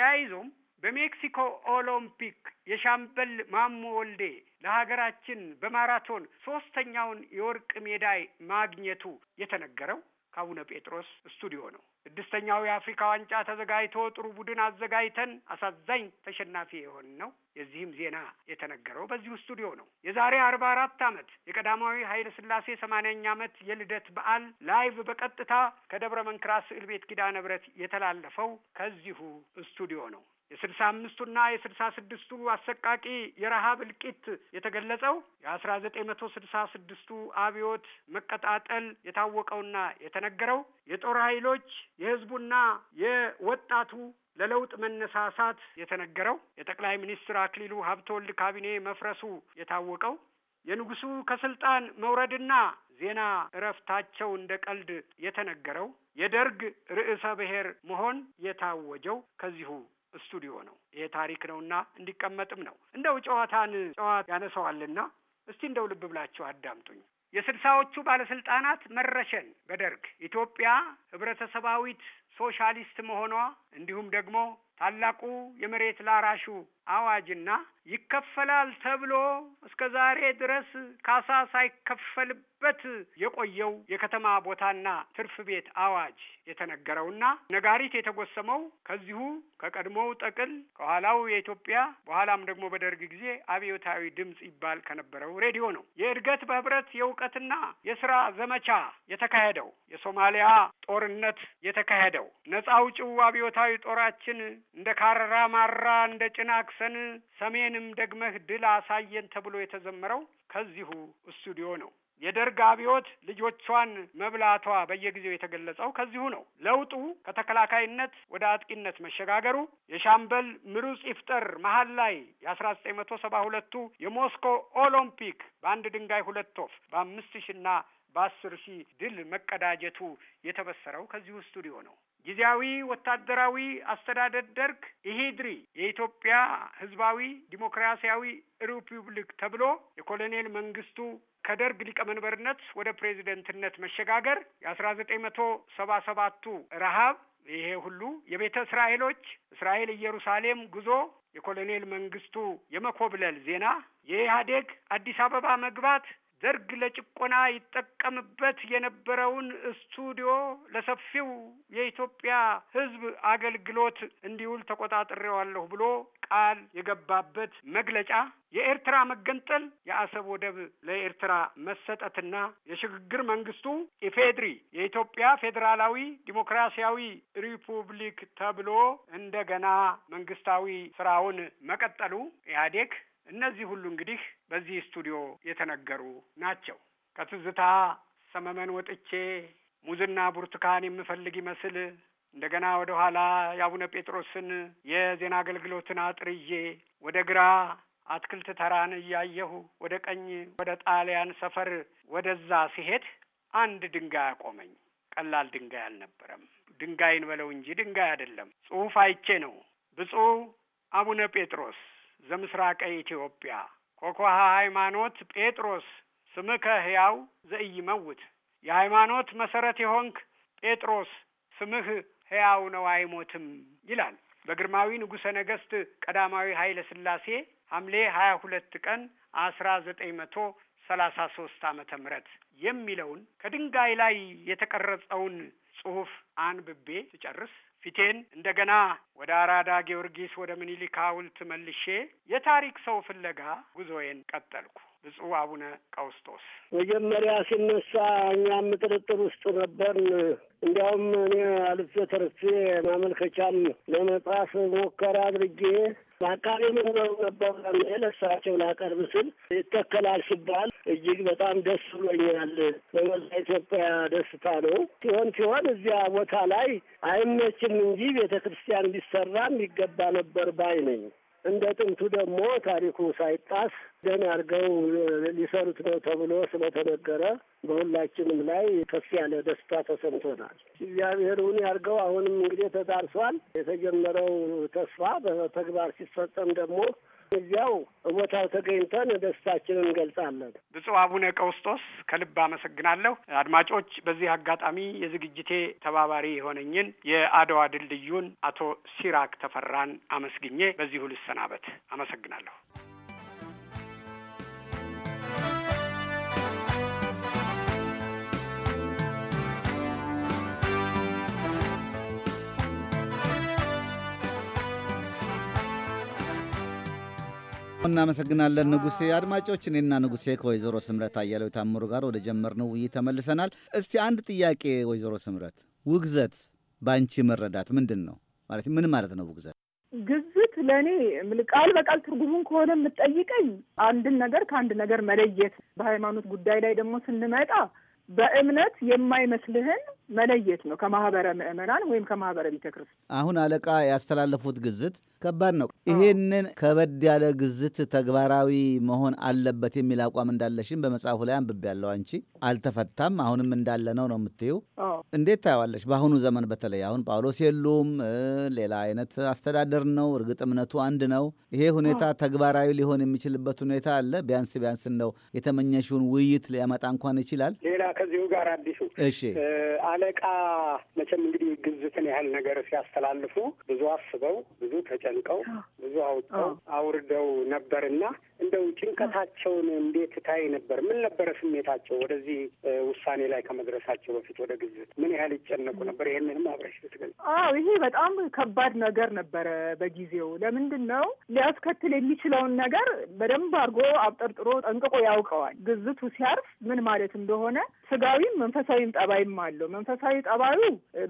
ተያይዞም በሜክሲኮ ኦሎምፒክ የሻምበል ማሞ ወልዴ ለሀገራችን በማራቶን ሶስተኛውን የወርቅ ሜዳይ ማግኘቱ የተነገረው ከአቡነ ጴጥሮስ ስቱዲዮ ነው። ስድስተኛው የአፍሪካ ዋንጫ ተዘጋጅቶ ጥሩ ቡድን አዘጋጅተን አሳዛኝ ተሸናፊ የሆን ነው። የዚህም ዜና የተነገረው በዚሁ ስቱዲዮ ነው። የዛሬ አርባ አራት ዓመት የቀዳማዊ ኃይለ ሥላሴ ሰማንያኛ ዓመት የልደት በዓል ላይቭ በቀጥታ ከደብረ መንክራት ስዕል ቤት ኪዳነ የተላለፈው ከዚሁ ስቱዲዮ ነው። የስልሳ አምስቱና የስልሳ ስድስቱ አሰቃቂ የረሃብ እልቂት የተገለጸው የአስራ ዘጠኝ መቶ ስልሳ ስድስቱ አብዮት መቀጣጠል የታወቀውና የተነገረው የጦር ኃይሎች የህዝቡና የወጣቱ ለለውጥ መነሳሳት የተነገረው የጠቅላይ ሚኒስትር አክሊሉ ሀብተወልድ ካቢኔ መፍረሱ የታወቀው የንጉሱ ከስልጣን መውረድና ዜና እረፍታቸው እንደ ቀልድ የተነገረው የደርግ ርዕሰ ብሔር መሆን የታወጀው ከዚሁ ስቱዲዮ ነው። ይሄ ታሪክ ነውና እንዲቀመጥም ነው። እንደው ጨዋታን ጨዋታ ያነሰዋልና እስቲ እንደው ልብ ብላችሁ አዳምጡኝ። የስልሳዎቹ ባለስልጣናት መረሸን በደርግ ኢትዮጵያ ህብረተሰባዊት ሶሻሊስት መሆኗ እንዲሁም ደግሞ ታላቁ የመሬት ላራሹ አዋጅና ይከፈላል ተብሎ እስከ ዛሬ ድረስ ካሳ ሳይከፈልበት የቆየው የከተማ ቦታና ትርፍ ቤት አዋጅ የተነገረውና ነጋሪት የተጎሰመው ከዚሁ ከቀድሞው ጥቅል ከኋላው የኢትዮጵያ በኋላም ደግሞ በደርግ ጊዜ አብዮታዊ ድምፅ ይባል ከነበረው ሬዲዮ ነው። የእድገት በህብረት የእውቀትና የስራ ዘመቻ የተካሄደው የሶማሊያ ጦርነት የተካሄደው ነፃ አውጪው አብዮታዊ ጦራችን እንደ ካራማራ እንደ ጭናክስ ጃክሰን ሰሜንም ደግመህ ድል አሳየን ተብሎ የተዘመረው ከዚሁ ስቱዲዮ ነው። የደርግ አብዮት ልጆቿን መብላቷ በየጊዜው የተገለጸው ከዚሁ ነው። ለውጡ ከተከላካይነት ወደ አጥቂነት መሸጋገሩ የሻምበል ምሩጽ ይፍጠር መሀል ላይ የአስራ ዘጠኝ መቶ ሰባ ሁለቱ የሞስኮ ኦሎምፒክ በአንድ ድንጋይ ሁለት ወፍ በአምስት ሺና በአስር ሺህ ድል መቀዳጀቱ የተበሰረው ከዚሁ ስቱዲዮ ነው። ጊዜያዊ ወታደራዊ አስተዳደር ደርግ ኢሂድሪ የኢትዮጵያ ህዝባዊ ዲሞክራሲያዊ ሪፑብሊክ ተብሎ የኮሎኔል መንግስቱ ከደርግ ሊቀመንበርነት ወደ ፕሬዚደንትነት መሸጋገር የአስራ ዘጠኝ መቶ ሰባ ሰባቱ ረሃብ ይሄ ሁሉ የቤተ እስራኤሎች እስራኤል ኢየሩሳሌም ጉዞ የኮሎኔል መንግስቱ የመኮብለል ዜና የኢህአዴግ አዲስ አበባ መግባት ደርግ ለጭቆና ይጠቀምበት የነበረውን ስቱዲዮ ለሰፊው የኢትዮጵያ ሕዝብ አገልግሎት እንዲውል ተቆጣጥሬዋለሁ ብሎ ቃል የገባበት መግለጫ የኤርትራ መገንጠል፣ የአሰብ ወደብ ለኤርትራ መሰጠትና የሽግግር መንግስቱ ኢፌድሪ የኢትዮጵያ ፌዴራላዊ ዲሞክራሲያዊ ሪፑብሊክ ተብሎ እንደገና መንግስታዊ ስራውን መቀጠሉ ኢህአዴግ እነዚህ ሁሉ እንግዲህ በዚህ ስቱዲዮ የተነገሩ ናቸው። ከትዝታ ሰመመን ወጥቼ ሙዝና ብርቱካን የምፈልግ ይመስል እንደገና ወደ ኋላ የአቡነ ጴጥሮስን የዜና አገልግሎትን አጥርዬ ወደ ግራ አትክልት ተራን እያየሁ ወደ ቀኝ ወደ ጣሊያን ሰፈር ወደዛ ሲሄድ አንድ ድንጋይ አቆመኝ። ቀላል ድንጋይ አልነበረም። ድንጋይን በለው እንጂ ድንጋይ አይደለም። ጽሑፍ አይቼ ነው ብፁዕ አቡነ ጴጥሮስ ዘምስራቀ ኢትዮጵያ ኮኮሃ ሃይማኖት ጴጥሮስ ስምከ ሕያው ዘኢይመውት የሃይማኖት መሰረት የሆንክ ጴጥሮስ ስምህ ሕያው ነው አይሞትም ይላል በግርማዊ ንጉሠ ነገሥት ቀዳማዊ ኃይለ ሥላሴ ሐምሌ ሀያ ሁለት ቀን አስራ ዘጠኝ መቶ ሰላሳ ሶስት ዓመተ ምህረት የሚለውን ከድንጋይ ላይ የተቀረጸውን ጽሑፍ አንብቤ ስጨርስ ፊቴን እንደገና ወደ አራዳ ጊዮርጊስ ወደ ምኒልክ ሐውልት መልሼ የታሪክ ሰው ፍለጋ ጉዞዬን ቀጠልኩ። ብፁዕ አቡነ ቀውስጦስ መጀመሪያ ሲነሳ እኛም ጥርጥር ውስጥ ነበርን። እንዲያውም እኔ አልፌ ተርፌ ማመልከቻም ለመጣፍ ሞከራ አድርጌ በአካባቢ የሚኖሩ ነበር ለእሳቸው ላቀርብ ስል ይተከላል ሲባል እጅግ በጣም ደስ ብሎኛል። በመላ ኢትዮጵያ ደስታ ነው። ሲሆን ሲሆን እዚያ ቦታ ላይ አይመችም እንጂ ቤተ ክርስቲያን ቢሰራ የሚገባ ነበር ባይ ነኝ። እንደ ጥንቱ ደግሞ ታሪኩ ሳይጣስ ደን አድርገው ሊሰሩት ነው ተብሎ ስለተነገረ በሁላችንም ላይ ከፍ ያለ ደስታ ተሰምቶናል። እግዚአብሔር ያርገው አሁንም እንግዲህ ተዳርሷል የተጀመረው ተስፋ በተግባር ሲፈጸም ደግሞ እዚያው ቦታው ተገኝተን ደስታችንን እንገልጻለን። ብፁዕ አቡነ ቀውስጦስ ከልብ አመሰግናለሁ። አድማጮች፣ በዚህ አጋጣሚ የዝግጅቴ ተባባሪ የሆነኝን የአድዋ ድልድዩን አቶ ሲራክ ተፈራን አመስግኜ በዚሁ ልሰናበት። አመሰግናለሁ። እናመሰግናለን ንጉሴ። አድማጮች እኔና ንጉሴ ከወይዘሮ ስምረት አያሌው ታምሩ ጋር ወደ ጀመርነው ውይይት ተመልሰናል። እስቲ አንድ ጥያቄ ወይዘሮ ስምረት፣ ውግዘት በአንቺ መረዳት ምንድን ነው ማለት ምን ማለት ነው ውግዘት? ግዝት ለእኔ ቃል በቃል ትርጉሙን ከሆነ የምትጠይቀኝ አንድን ነገር ከአንድ ነገር መለየት፣ በሃይማኖት ጉዳይ ላይ ደግሞ ስንመጣ በእምነት የማይመስልህን መለየት ነው ከማህበረ ምዕመናን ወይም ከማህበረ ቤተ ክርስቲያን። አሁን አለቃ ያስተላለፉት ግዝት ከባድ ነው። ይሄንን ከበድ ያለ ግዝት ተግባራዊ መሆን አለበት የሚል አቋም እንዳለሽም በመጽሐፉ ላይ አንብቤያለሁ። አንቺ አልተፈታም፣ አሁንም እንዳለ ነው ነው የምትይው። እንዴት ታየዋለሽ? በአሁኑ ዘመን በተለይ አሁን ጳውሎስ የሉም፣ ሌላ አይነት አስተዳደር ነው። እርግጥ እምነቱ አንድ ነው። ይሄ ሁኔታ ተግባራዊ ሊሆን የሚችልበት ሁኔታ አለ። ቢያንስ ቢያንስ ነው የተመኘሽውን ውይይት ሊያመጣ እንኳን ይችላል። ሌላ ከዚሁ ጋር አዲሱ እሺ አለቃ መቼም እንግዲህ ግዝትን ያህል ነገር ሲያስተላልፉ ብዙ አስበው ብዙ ተጨንቀው ብዙ አውጥተው አውርደው ነበርና እንደ ውጭ ጭንቀታቸውን እንዴት ታይ ነበር? ምን ነበረ ስሜታቸው? ወደዚህ ውሳኔ ላይ ከመድረሳቸው በፊት ወደ ግዝት ምን ያህል ይጨነቁ ነበር? ይህንንም አብረሽ ትገል። አዎ ይሄ በጣም ከባድ ነገር ነበረ በጊዜው። ለምንድን ነው ሊያስከትል የሚችለውን ነገር በደንብ አድርጎ አብጠርጥሮ ጠንቅቆ ያውቀዋል። ግዝቱ ሲያርፍ ምን ማለት እንደሆነ ስጋዊም መንፈሳዊም ጠባይም አለው። መንፈሳዊ ጠባዩ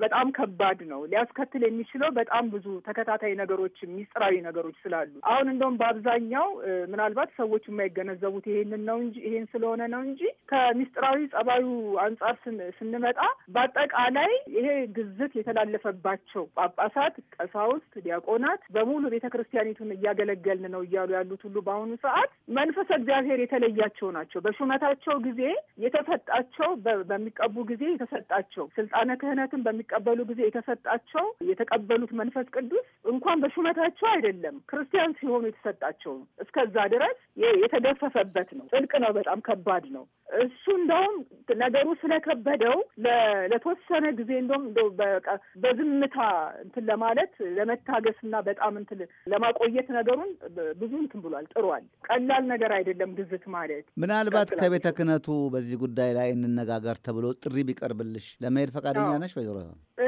በጣም ከባድ ነው። ሊያስከትል የሚችለው በጣም ብዙ ተከታታይ ነገሮች፣ ሚስጥራዊ ነገሮች ስላሉ አሁን እንደውም በአብዛኛው ምናልባት ሰዎች የማይገነዘቡት ይሄንን ነው እንጂ ይሄን ስለሆነ ነው እንጂ ከሚስጥራዊ ጸባዩ አንጻር ስንመጣ በአጠቃላይ ይሄ ግዝት የተላለፈባቸው ጳጳሳት፣ ቀሳውስት፣ ዲያቆናት በሙሉ ቤተ ክርስቲያኒቱን እያገለገልን ነው እያሉ ያሉት ሁሉ በአሁኑ ሰዓት መንፈሰ እግዚአብሔር የተለያቸው ናቸው። በሹመታቸው ጊዜ የተሰጣቸው፣ በሚቀቡ ጊዜ የተሰጣቸው፣ ስልጣነ ክህነትን በሚቀበሉ ጊዜ የተሰጣቸው የተቀበሉት መንፈስ ቅዱስ እንኳን በሹመታቸው አይደለም ክርስቲያን ሲሆኑ የተሰጣቸው እስከዛ ድረስ የተገፈፈበት ነው። ጥልቅ ነው። በጣም ከባድ ነው። እሱ እንደውም ነገሩ ስለከበደው ለተወሰነ ጊዜ እንደውም በዝምታ እንትን ለማለት ለመታገስ እና በጣም እንትን ለማቆየት ነገሩን ብዙ እንትን ብሏል፣ ጥሯል። ቀላል ነገር አይደለም ግዝት ማለት። ምናልባት ከቤተ ክህነቱ በዚህ ጉዳይ ላይ እንነጋገር ተብሎ ጥሪ ቢቀርብልሽ ለመሄድ ፈቃደኛ ነሽ ወይዘሮ?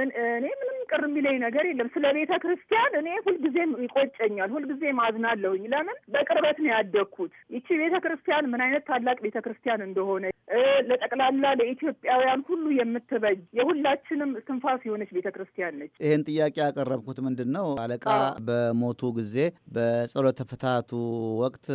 እኔ ቅር የሚለኝ ነገር የለም። ስለ ቤተ ክርስቲያን እኔ ሁልጊዜም ይቆጨኛል፣ ሁልጊዜ ማዝናለሁኝ። ለምን በቅርበት ነው ያደግኩት። ይቺ ቤተ ክርስቲያን ምን አይነት ታላቅ ቤተ ክርስቲያን እንደሆነ ለጠቅላላ ለኢትዮጵያውያን ሁሉ የምትበጅ የሁላችንም ትንፋስ የሆነች ቤተ ክርስቲያን ነች። ይህን ጥያቄ ያቀረብኩት ምንድን ነው አለቃ በሞቱ ጊዜ በጸሎተ ፍትሐቱ ወቅት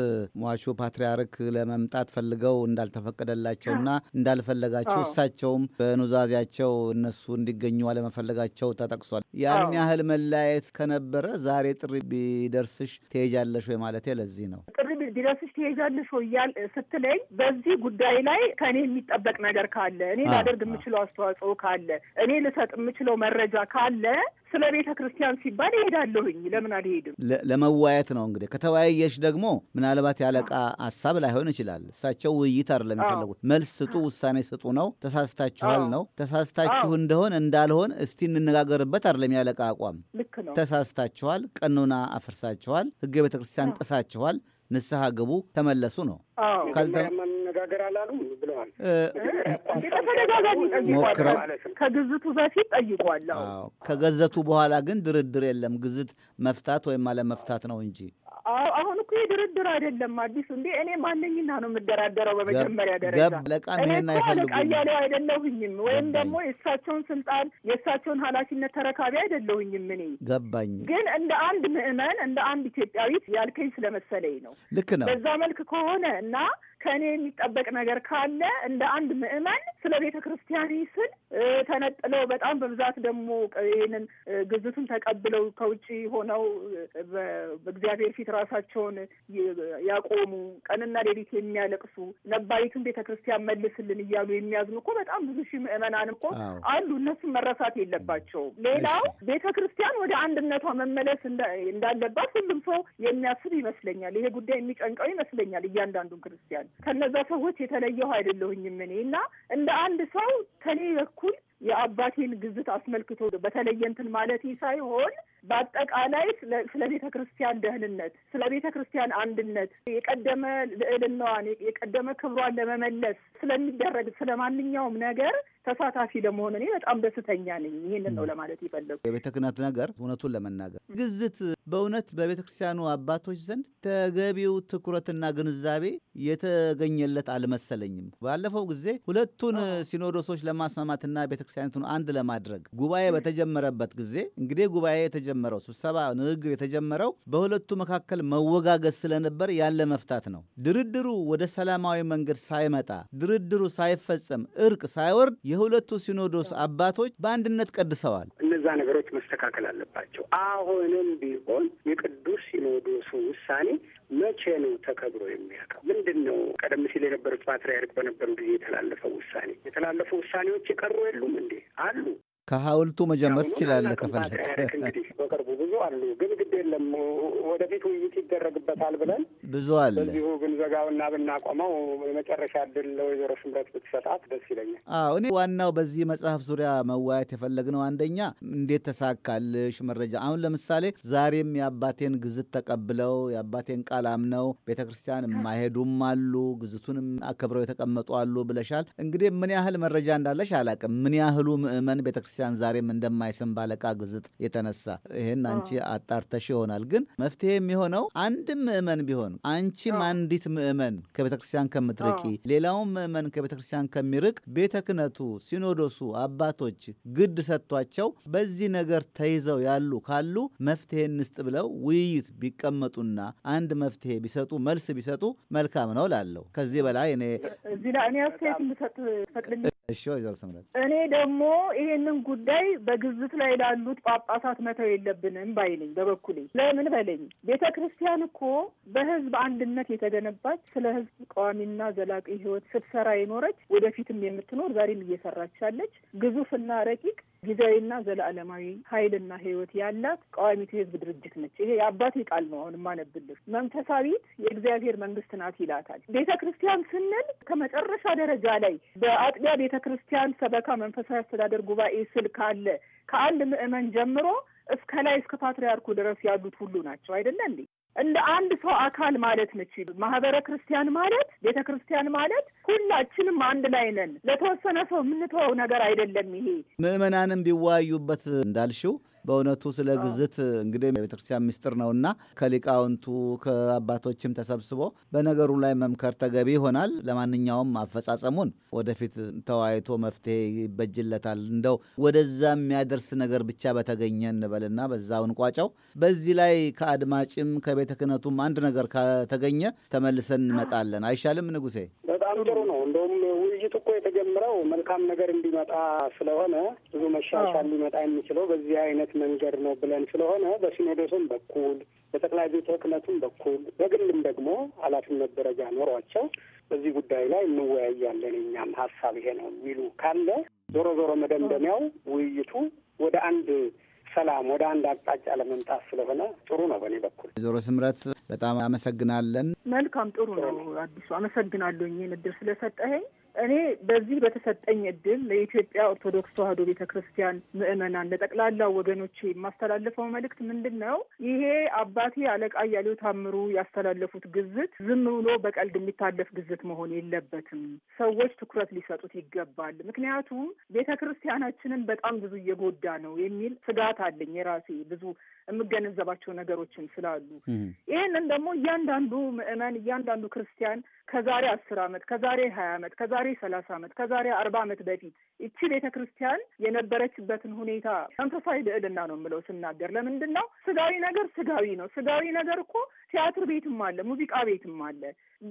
ሟቹ ፓትርያርክ ለመምጣት ፈልገው እንዳልተፈቀደላቸውና እንዳልፈለጋቸው እሳቸውም በኑዛዜያቸው እነሱ እንዲገኙ አለመፈለጋቸው ተጠቅሶ ጠቅሷል። ያን ያህል መለያየት ከነበረ ዛሬ ጥሪ ቢደርስሽ ትሄጃለሽ ወይ ማለት ለዚህ ነው። ጥሪ ቢደርስሽ ትሄጃለሽ እያል ስትለኝ በዚህ ጉዳይ ላይ ከእኔ የሚጠበቅ ነገር ካለ እኔ ላደርግ የምችለው አስተዋጽኦ ካለ እኔ ልሰጥ የምችለው መረጃ ካለ ስለ ቤተ ክርስቲያን ሲባል እሄዳለሁኝ። ለምን አልሄድም? ለመወያየት ነው እንግዲህ። ከተወያየሽ ደግሞ ምናልባት ያለቃ ሀሳብ ላይሆን ይችላል። እሳቸው ውይይት አር የሚፈልጉት፣ መልስ ስጡ፣ ውሳኔ ስጡ ነው። ተሳስታችኋል ነው። ተሳስታችሁ እንደሆን እንዳልሆን እስቲ እንነጋገርበት አር ያለቃ አቋም። ልክ ነው። ተሳስታችኋል፣ ቀኖና አፍርሳችኋል፣ ህገ ቤተ ክርስቲያን ጥሳችኋል ንስሐ ግቡ፣ ተመለሱ ነው። መነጋገር ብለዋል። ከግዝቱ በፊት ጠይቋለሁ። ከገዘቱ በኋላ ግን ድርድር የለም። ግዝት መፍታት ወይም አለመፍታት ነው እንጂ አሁን እኮ ድርድር አይደለም። አዲሱ እንዴ እኔ ማነኝና ነው የምደራደረው? በመጀመሪያ ደረጃ እኔ አይፈልጉ እያለው አይደለሁኝም፣ ወይም ደግሞ የእሳቸውን ስልጣን የእሳቸውን ኃላፊነት ተረካቢ አይደለሁኝም። እኔ ገባኝ። ግን እንደ አንድ ምዕመን እንደ አንድ ኢትዮጵያዊት ያልከኝ ስለመሰለኝ ነው። ልክ ነው። በዛ መልክ ከሆነ እና ከእኔ የሚጠበቅ ነገር ካለ እንደ አንድ ምዕመን ስለ ቤተ ክርስቲያን ስል ተነጥለው በጣም በብዛት ደግሞ ይህንን ግዝቱን ተቀብለው ከውጭ ሆነው በእግዚአብሔር ፊት ራሳቸውን ያቆሙ ቀንና ሌሊት የሚያለቅሱ ነባሪቱን ቤተ ክርስቲያን መልስልን እያሉ የሚያዝኑ እኮ በጣም ብዙ ሺህ ምዕመናን እኮ አሉ። እነሱም መረሳት የለባቸውም። ሌላው ቤተ ክርስቲያን ወደ አንድነቷ መመለስ እንዳለባት ሁሉም ሰው የሚያስብ ይመስለኛል። ይሄ ጉዳይ የሚጨንቀው ይመስለኛል እያንዳንዱን ክርስቲያን ከነዛ ሰዎች የተለየሁ አይደለሁኝም እኔ እና እንደ አንድ ሰው ከኔ በኩል የአባቴን ግዝት አስመልክቶ በተለየ እንትን ማለቴ ሳይሆን በአጠቃላይ ስለ ቤተ ክርስቲያን ደህንነት፣ ስለ ቤተ ክርስቲያን አንድነት፣ የቀደመ ልዕልናዋን የቀደመ ክብሯን ለመመለስ ስለሚደረግ ስለ ማንኛውም ነገር ተሳታፊ ለመሆን እኔ በጣም ደስተኛ ነኝ። ይህንን ነው ለማለት የፈለጉ። የቤተ ክህነት ነገር እውነቱን ለመናገር ግዝት በእውነት በቤተ ክርስቲያኑ አባቶች ዘንድ ተገቢው ትኩረትና ግንዛቤ የተገኘለት አልመሰለኝም። ባለፈው ጊዜ ሁለቱን ሲኖዶሶች ለማስማማትና ቤተ ክርስቲያኒቱን አንድ ለማድረግ ጉባኤ በተጀመረበት ጊዜ እንግዲህ ጉባኤ የተጀ የተጀመረው ስብሰባ ንግግር የተጀመረው በሁለቱ መካከል መወጋገዝ ስለነበር ያለ መፍታት ነው። ድርድሩ ወደ ሰላማዊ መንገድ ሳይመጣ ድርድሩ ሳይፈጸም እርቅ ሳይወርድ የሁለቱ ሲኖዶስ አባቶች በአንድነት ቀድሰዋል። እነዛ ነገሮች መስተካከል አለባቸው። አሁንም ቢሆን የቅዱስ ሲኖዶሱ ውሳኔ መቼ ነው ተከብሮ የሚያውቀው? ምንድን ነው ቀደም ሲል የነበሩት ፓትርያርክ በነበሩ ጊዜ የተላለፈው ውሳኔ የተላለፈው ውሳኔዎች የቀሩ የሉም እንዴ? አሉ። ከሀውልቱ መጀመር ትችላለህ ከፈለግ። እንግዲህ በቅርቡ ብዙ አሉ ግን ግድ የለም ወደፊት ውይይት ይደረግበታል ብለን ብዙ አለ። በዚሁ ብንዘጋውና ብናቆመው የመጨረሻ እድል ለወይዘሮ ሽምረት ብትሰጣት ደስ ይለኛል። አዎ እኔ ዋናው በዚህ መጽሐፍ ዙሪያ መዋየት የፈለግነው አንደኛ እንዴት ተሳካልሽ መረጃ አሁን ለምሳሌ ዛሬም የአባቴን ግዝት ተቀብለው የአባቴን ቃል አምነው ቤተ ክርስቲያን የማይሄዱም አሉ፣ ግዝቱንም አከብረው የተቀመጡ አሉ ብለሻል። እንግዲህ ምን ያህል መረጃ እንዳለሽ አላቅም። ምን ያህሉ ምእመን ቤተ ክርስቲያን ዛሬም እንደማይስም ባለቃ ግዝት የተነሳ ይህን አንቺ አጣርተሽ ይሆናል ግን መፍትሄ መፍትሄ የሚሆነው አንድም ምእመን ቢሆን አንቺም አንዲት ምእመን ከቤተ ክርስቲያን ከምትርቂ፣ ሌላውም ምእመን ከቤተ ክርስቲያን ከሚርቅ ቤተ ክህነቱ፣ ሲኖዶሱ፣ አባቶች ግድ ሰጥቷቸው በዚህ ነገር ተይዘው ያሉ ካሉ መፍትሄ እንስጥ ብለው ውይይት ቢቀመጡና አንድ መፍትሄ ቢሰጡ መልስ ቢሰጡ መልካም ነው ላለው ከዚህ በላይ እኔ እዚህ ላይ እኔ አስተያየት እንድሰጥ ፈቅድልኝ እሺ ወይዘሮ ስምረት፣ እኔ ደግሞ ይሄንን ጉዳይ በግዝት ላይ ላሉት ጳጳሳት መተው የለብንም ባይልኝ በበኩሌ ለምን በለኝ። ቤተ ክርስቲያን እኮ በህዝብ አንድነት የተገነባች ስለ ህዝብ ቀዋሚና ዘላቂ ህይወት ስትሰራ የኖረች ወደፊትም የምትኖር ዛሬም እየሰራች ያለች ግዙፍና ረቂቅ ጊዜያዊና ዘላለማዊ ኃይልና ህይወት ያላት ቋሚቱ የሕዝብ ድርጅት ነች። ይሄ የአባቴ ቃል ነው። አሁን ማነብልህ መንፈሳዊት የእግዚአብሔር መንግስት ናት ይላታል። ቤተ ክርስቲያን ስንል ከመጨረሻ ደረጃ ላይ በአጥቢያ ቤተ የቤተ ክርስቲያን ሰበካ መንፈሳዊ አስተዳደር ጉባኤ ስል ካለ ከአንድ ምዕመን ጀምሮ እስከ ላይ እስከ ፓትርያርኩ ድረስ ያሉት ሁሉ ናቸው አይደለ እንዴ? እንደ አንድ ሰው አካል ማለት ነች። ማህበረ ክርስቲያን ማለት ቤተ ክርስቲያን ማለት ሁላችንም አንድ ላይ ነን። ለተወሰነ ሰው የምንተወው ነገር አይደለም። ይሄ ምዕመናንም ቢወያዩበት እንዳልሽው በእውነቱ ስለ ግዝት እንግዲህ የቤተክርስቲያን ምስጢር ነውና ከሊቃውንቱ ከአባቶችም ተሰብስቦ በነገሩ ላይ መምከር ተገቢ ይሆናል። ለማንኛውም አፈጻጸሙን ወደፊት ተወያይቶ መፍትሄ ይበጅለታል። እንደው ወደዛ የሚያደርስ ነገር ብቻ በተገኘ እንበልና በዛውን ቋጫው። በዚህ ላይ ከአድማጭም ከቤተ ክህነቱም አንድ ነገር ከተገኘ ተመልሰን እንመጣለን። አይሻልም ንጉሴ? በጣም ጥሩ ነው። እንደውም ውይይት እኮ የምንጀምረው መልካም ነገር እንዲመጣ ስለሆነ ብዙ መሻሻል ሊመጣ የሚችለው በዚህ አይነት መንገድ ነው ብለን ስለሆነ በሲኖዶሱም በኩል በጠቅላይ ቤተ ክህነቱም በኩል በግልም ደግሞ ኃላፊነት ደረጃ ኖሯቸው በዚህ ጉዳይ ላይ እንወያያለን እኛም ሀሳብ ይሄ ነው የሚሉ ካለ ዞሮ ዞሮ መደምደሚያው ውይይቱ ወደ አንድ ሰላም ወደ አንድ አቅጣጫ ለመምጣት ስለሆነ ጥሩ ነው። በእኔ በኩል ዞሮ ስምረት በጣም አመሰግናለን። መልካም ጥሩ ነው። አዲሱ አመሰግናለሁ ይህን እድል ስለሰጠኸኝ። እኔ በዚህ በተሰጠኝ እድል ለኢትዮጵያ ኦርቶዶክስ ተዋህዶ ቤተ ክርስቲያን ምዕመናን ለጠቅላላ ወገኖቼ የማስተላለፈው መልእክት ምንድን ነው? ይሄ አባቴ አለቃ እያሌው ታምሩ ያስተላለፉት ግዝት ዝም ብሎ በቀልድ የሚታለፍ ግዝት መሆን የለበትም። ሰዎች ትኩረት ሊሰጡት ይገባል። ምክንያቱም ቤተ ክርስቲያናችንን በጣም ብዙ እየጎዳ ነው የሚል ስጋት አለኝ የራሴ ብዙ የምገነዘባቸው ነገሮችን ስላሉ ይህንን ደግሞ እያንዳንዱ ምእመን እያንዳንዱ ክርስቲያን ከዛሬ አስር አመት ከዛሬ ሀያ አመት ከዛ ከዛሬ ሰላሳ ዓመት ከዛሬ አርባ ዓመት በፊት ይቺ ቤተ ክርስቲያን የነበረችበትን ሁኔታ መንፈሳዊ ልዕልና ነው የምለው ስናገር። ለምንድን ነው ስጋዊ ነገር ስጋዊ ነው። ስጋዊ ነገር እኮ ቲያትር ቤትም አለ፣ ሙዚቃ ቤትም አለ።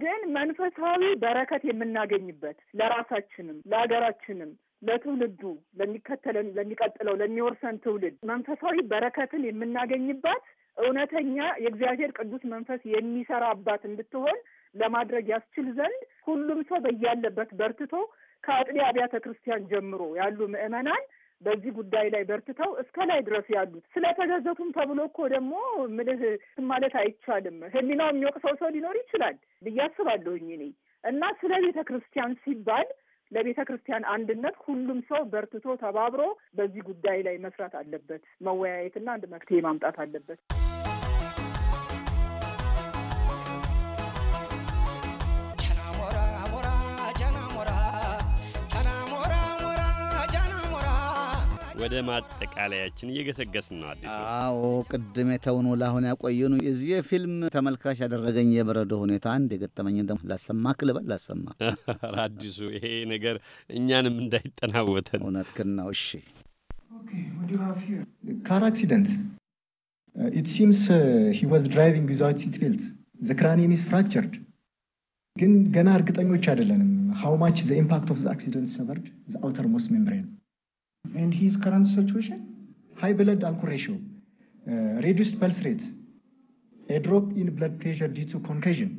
ግን መንፈሳዊ በረከት የምናገኝበት ለራሳችንም ለሀገራችንም ለትውልዱ ለሚከተለን ለሚቀጥለው ለሚወርሰን ትውልድ መንፈሳዊ በረከትን የምናገኝባት እውነተኛ የእግዚአብሔር ቅዱስ መንፈስ የሚሰራባት እንድትሆን ለማድረግ ያስችል ዘንድ ሁሉም ሰው በያለበት በርትቶ ከአጥቢ አብያተ ክርስቲያን ጀምሮ ያሉ ምዕመናን በዚህ ጉዳይ ላይ በርትተው እስከ ላይ ድረስ ያሉት ስለተገዘቱም ተብሎ እኮ ደግሞ ምልህ ማለት አይቻልም። ህሊናው የሚወቅሰው ሰው ሊኖር ይችላል ብዬ አስባለሁኝ እኔ እና ስለ ቤተ ክርስቲያን ሲባል ለቤተ ክርስቲያን አንድነት ሁሉም ሰው በርትቶ ተባብሮ በዚህ ጉዳይ ላይ መስራት አለበት፣ መወያየትና አንድ መፍትሄ ማምጣት አለበት። ወደ ማጠቃለያችን እየገሰገስን ነው። አዲሱ አዎ፣ ቅድም የተውኑ ላሁን ያቆየኑ የዚህ ፊልም ተመልካች ያደረገኝ የበረዶ ሁኔታ አንድ የገጠመኝ ደ ላሰማ ክልበል ላሰማ አዲሱ ይሄ ነገር እኛንም እንዳይጠናወተን እውነትህን ነው። እሺ ካር አክሲደንት ኢት ሲምስ ሂ ዋዝ ድራይቪንግ ዊዛውት ሲት ቤልት ዘ ክራኒየም ኢዝ ፍራክቸርድ ግን ገና እርግጠኞች አይደለንም። ሃው ማች ዘ ኢምፓክት ኦፍ ዘ አክሲደንት ሰቨርድ ዘ አውተር ሞስት ሜምብሬን and his current situation high blood alcohol ratio uh, reduced pulse rate a drop in blood pressure due to concussion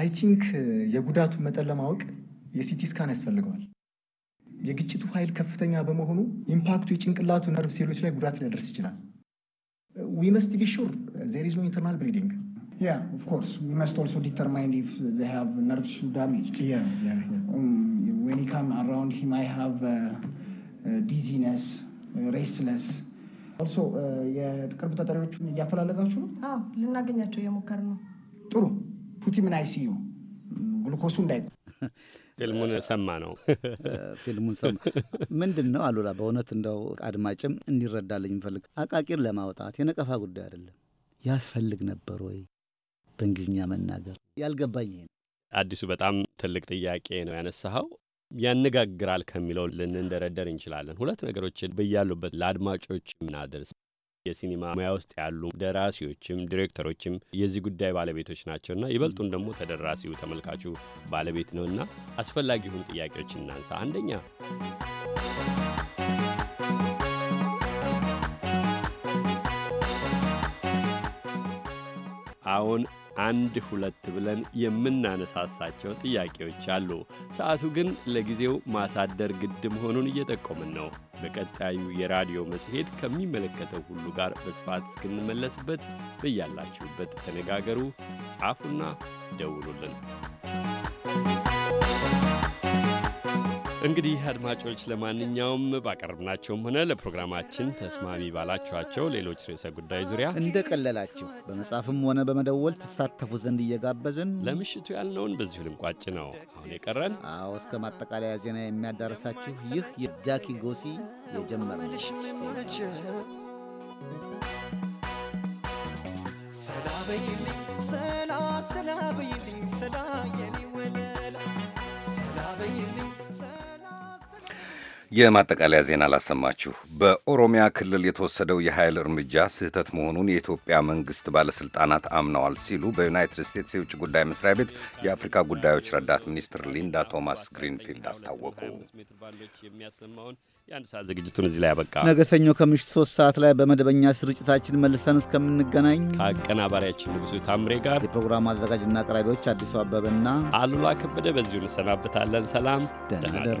አይ ቲንክ uh, የጉዳቱ መጠን ለማወቅ የሲቲ ስካን ያስፈልገዋል። የግጭቱ ኃይል ከፍተኛ በመሆኑ ኢምፓክቱ የጭንቅላቱ ነርቭ ሴሎች ላይ ጉዳት ሊያደርስ ይችላል። ዊ መስት ቢ ሹር ዜር ኢዝ ኖ ኢንተርናል ብሊዲንግ ያ ኦፍ ኮርስ ዊ መስት ኦልሶ ዲተርማይን ኢፍ ዜ ሃቭ ነርቭ ዳሜጅ ዌን ካም አራውንድ ሂም አይ ሃቭ ዲዚነስ፣ ሬስትለስ እርሶ የቅርብ ተጠሪዎቹን እያፈላለጋችሁ ነው? አዎ ልናገኛቸው እየሞከርን ነው። ጥሩ ምን አይሲዩ ግሉኮሱ እንዳይ ፊልሙን ሰማ ነው ፊልሙን ሰማ ምንድን ነው አሉላ። በእውነት እንደው አድማጭም እንዲረዳልኝ እንፈልግ አቃቂር ለማውጣት የነቀፋ ጉዳይ አይደለም። ያስፈልግ ነበር ወይ በእንግሊዝኛ መናገር ያልገባኝ አዲሱ በጣም ትልቅ ጥያቄ ነው ያነሳኸው። ያነጋግራል ከሚለው ልንደረደር እንችላለን። ሁለት ነገሮችን በያሉበት ለአድማጮች ምናደርስ የሲኒማ ሙያ ውስጥ ያሉ ደራሲዎችም ዲሬክተሮችም የዚህ ጉዳይ ባለቤቶች ናቸውና ይበልጡን ደግሞ ተደራሲው ተመልካቹ ባለቤት ነውና አስፈላጊ የሆኑ ጥያቄዎች እናንሳ። አንደኛ አሁን አንድ ሁለት ብለን የምናነሳሳቸው ጥያቄዎች አሉ። ሰዓቱ ግን ለጊዜው ማሳደር ግድ መሆኑን እየጠቆምን ነው። በቀጣዩ የራዲዮ መጽሔት ከሚመለከተው ሁሉ ጋር በስፋት እስክንመለስበት በያላችሁበት ተነጋገሩ፣ ጻፉና ደውሉልን። እንግዲህ አድማጮች፣ ለማንኛውም ባቀረብናቸውም ሆነ ለፕሮግራማችን ተስማሚ ባላችኋቸው ሌሎች ርዕሰ ጉዳይ ዙሪያ እንደቀለላችሁ በመጻፍም ሆነ በመደወል ትሳተፉ ዘንድ እየጋበዝን ለምሽቱ ያልነውን በዚሁ ልንቋጭ ነው። አሁን የቀረን አዎ፣ እስከ ማጠቃለያ ዜና የሚያዳርሳችሁ ይህ የጃኪ ጎሲ የጀመረ ሰላ በይልኝ ሰላ ሰላ በይልኝ ሰላ የኔ ወለ የማጠቃለያ ዜና አላሰማችሁ። በኦሮሚያ ክልል የተወሰደው የኃይል እርምጃ ስህተት መሆኑን የኢትዮጵያ መንግስት ባለሥልጣናት አምነዋል ሲሉ በዩናይትድ ስቴትስ የውጭ ጉዳይ መስሪያ ቤት የአፍሪካ ጉዳዮች ረዳት ሚኒስትር ሊንዳ ቶማስ ግሪንፊልድ አስታወቁ። የአንድ ሰዓት ዝግጅቱን እዚህ ላይ ያበቃ። ነገ ሰኞ ከምሽት ሶስት ሰዓት ላይ በመደበኛ ስርጭታችን መልሰን እስከምንገናኝ ከአቀናባሪያችን ንጉሱ ታምሬ ጋር የፕሮግራሙ አዘጋጅና አቅራቢዎች አዲሱ አበበና አሉላ ከበደ በዚሁ እንሰናበታለን። ሰላም ደህና ደሩ።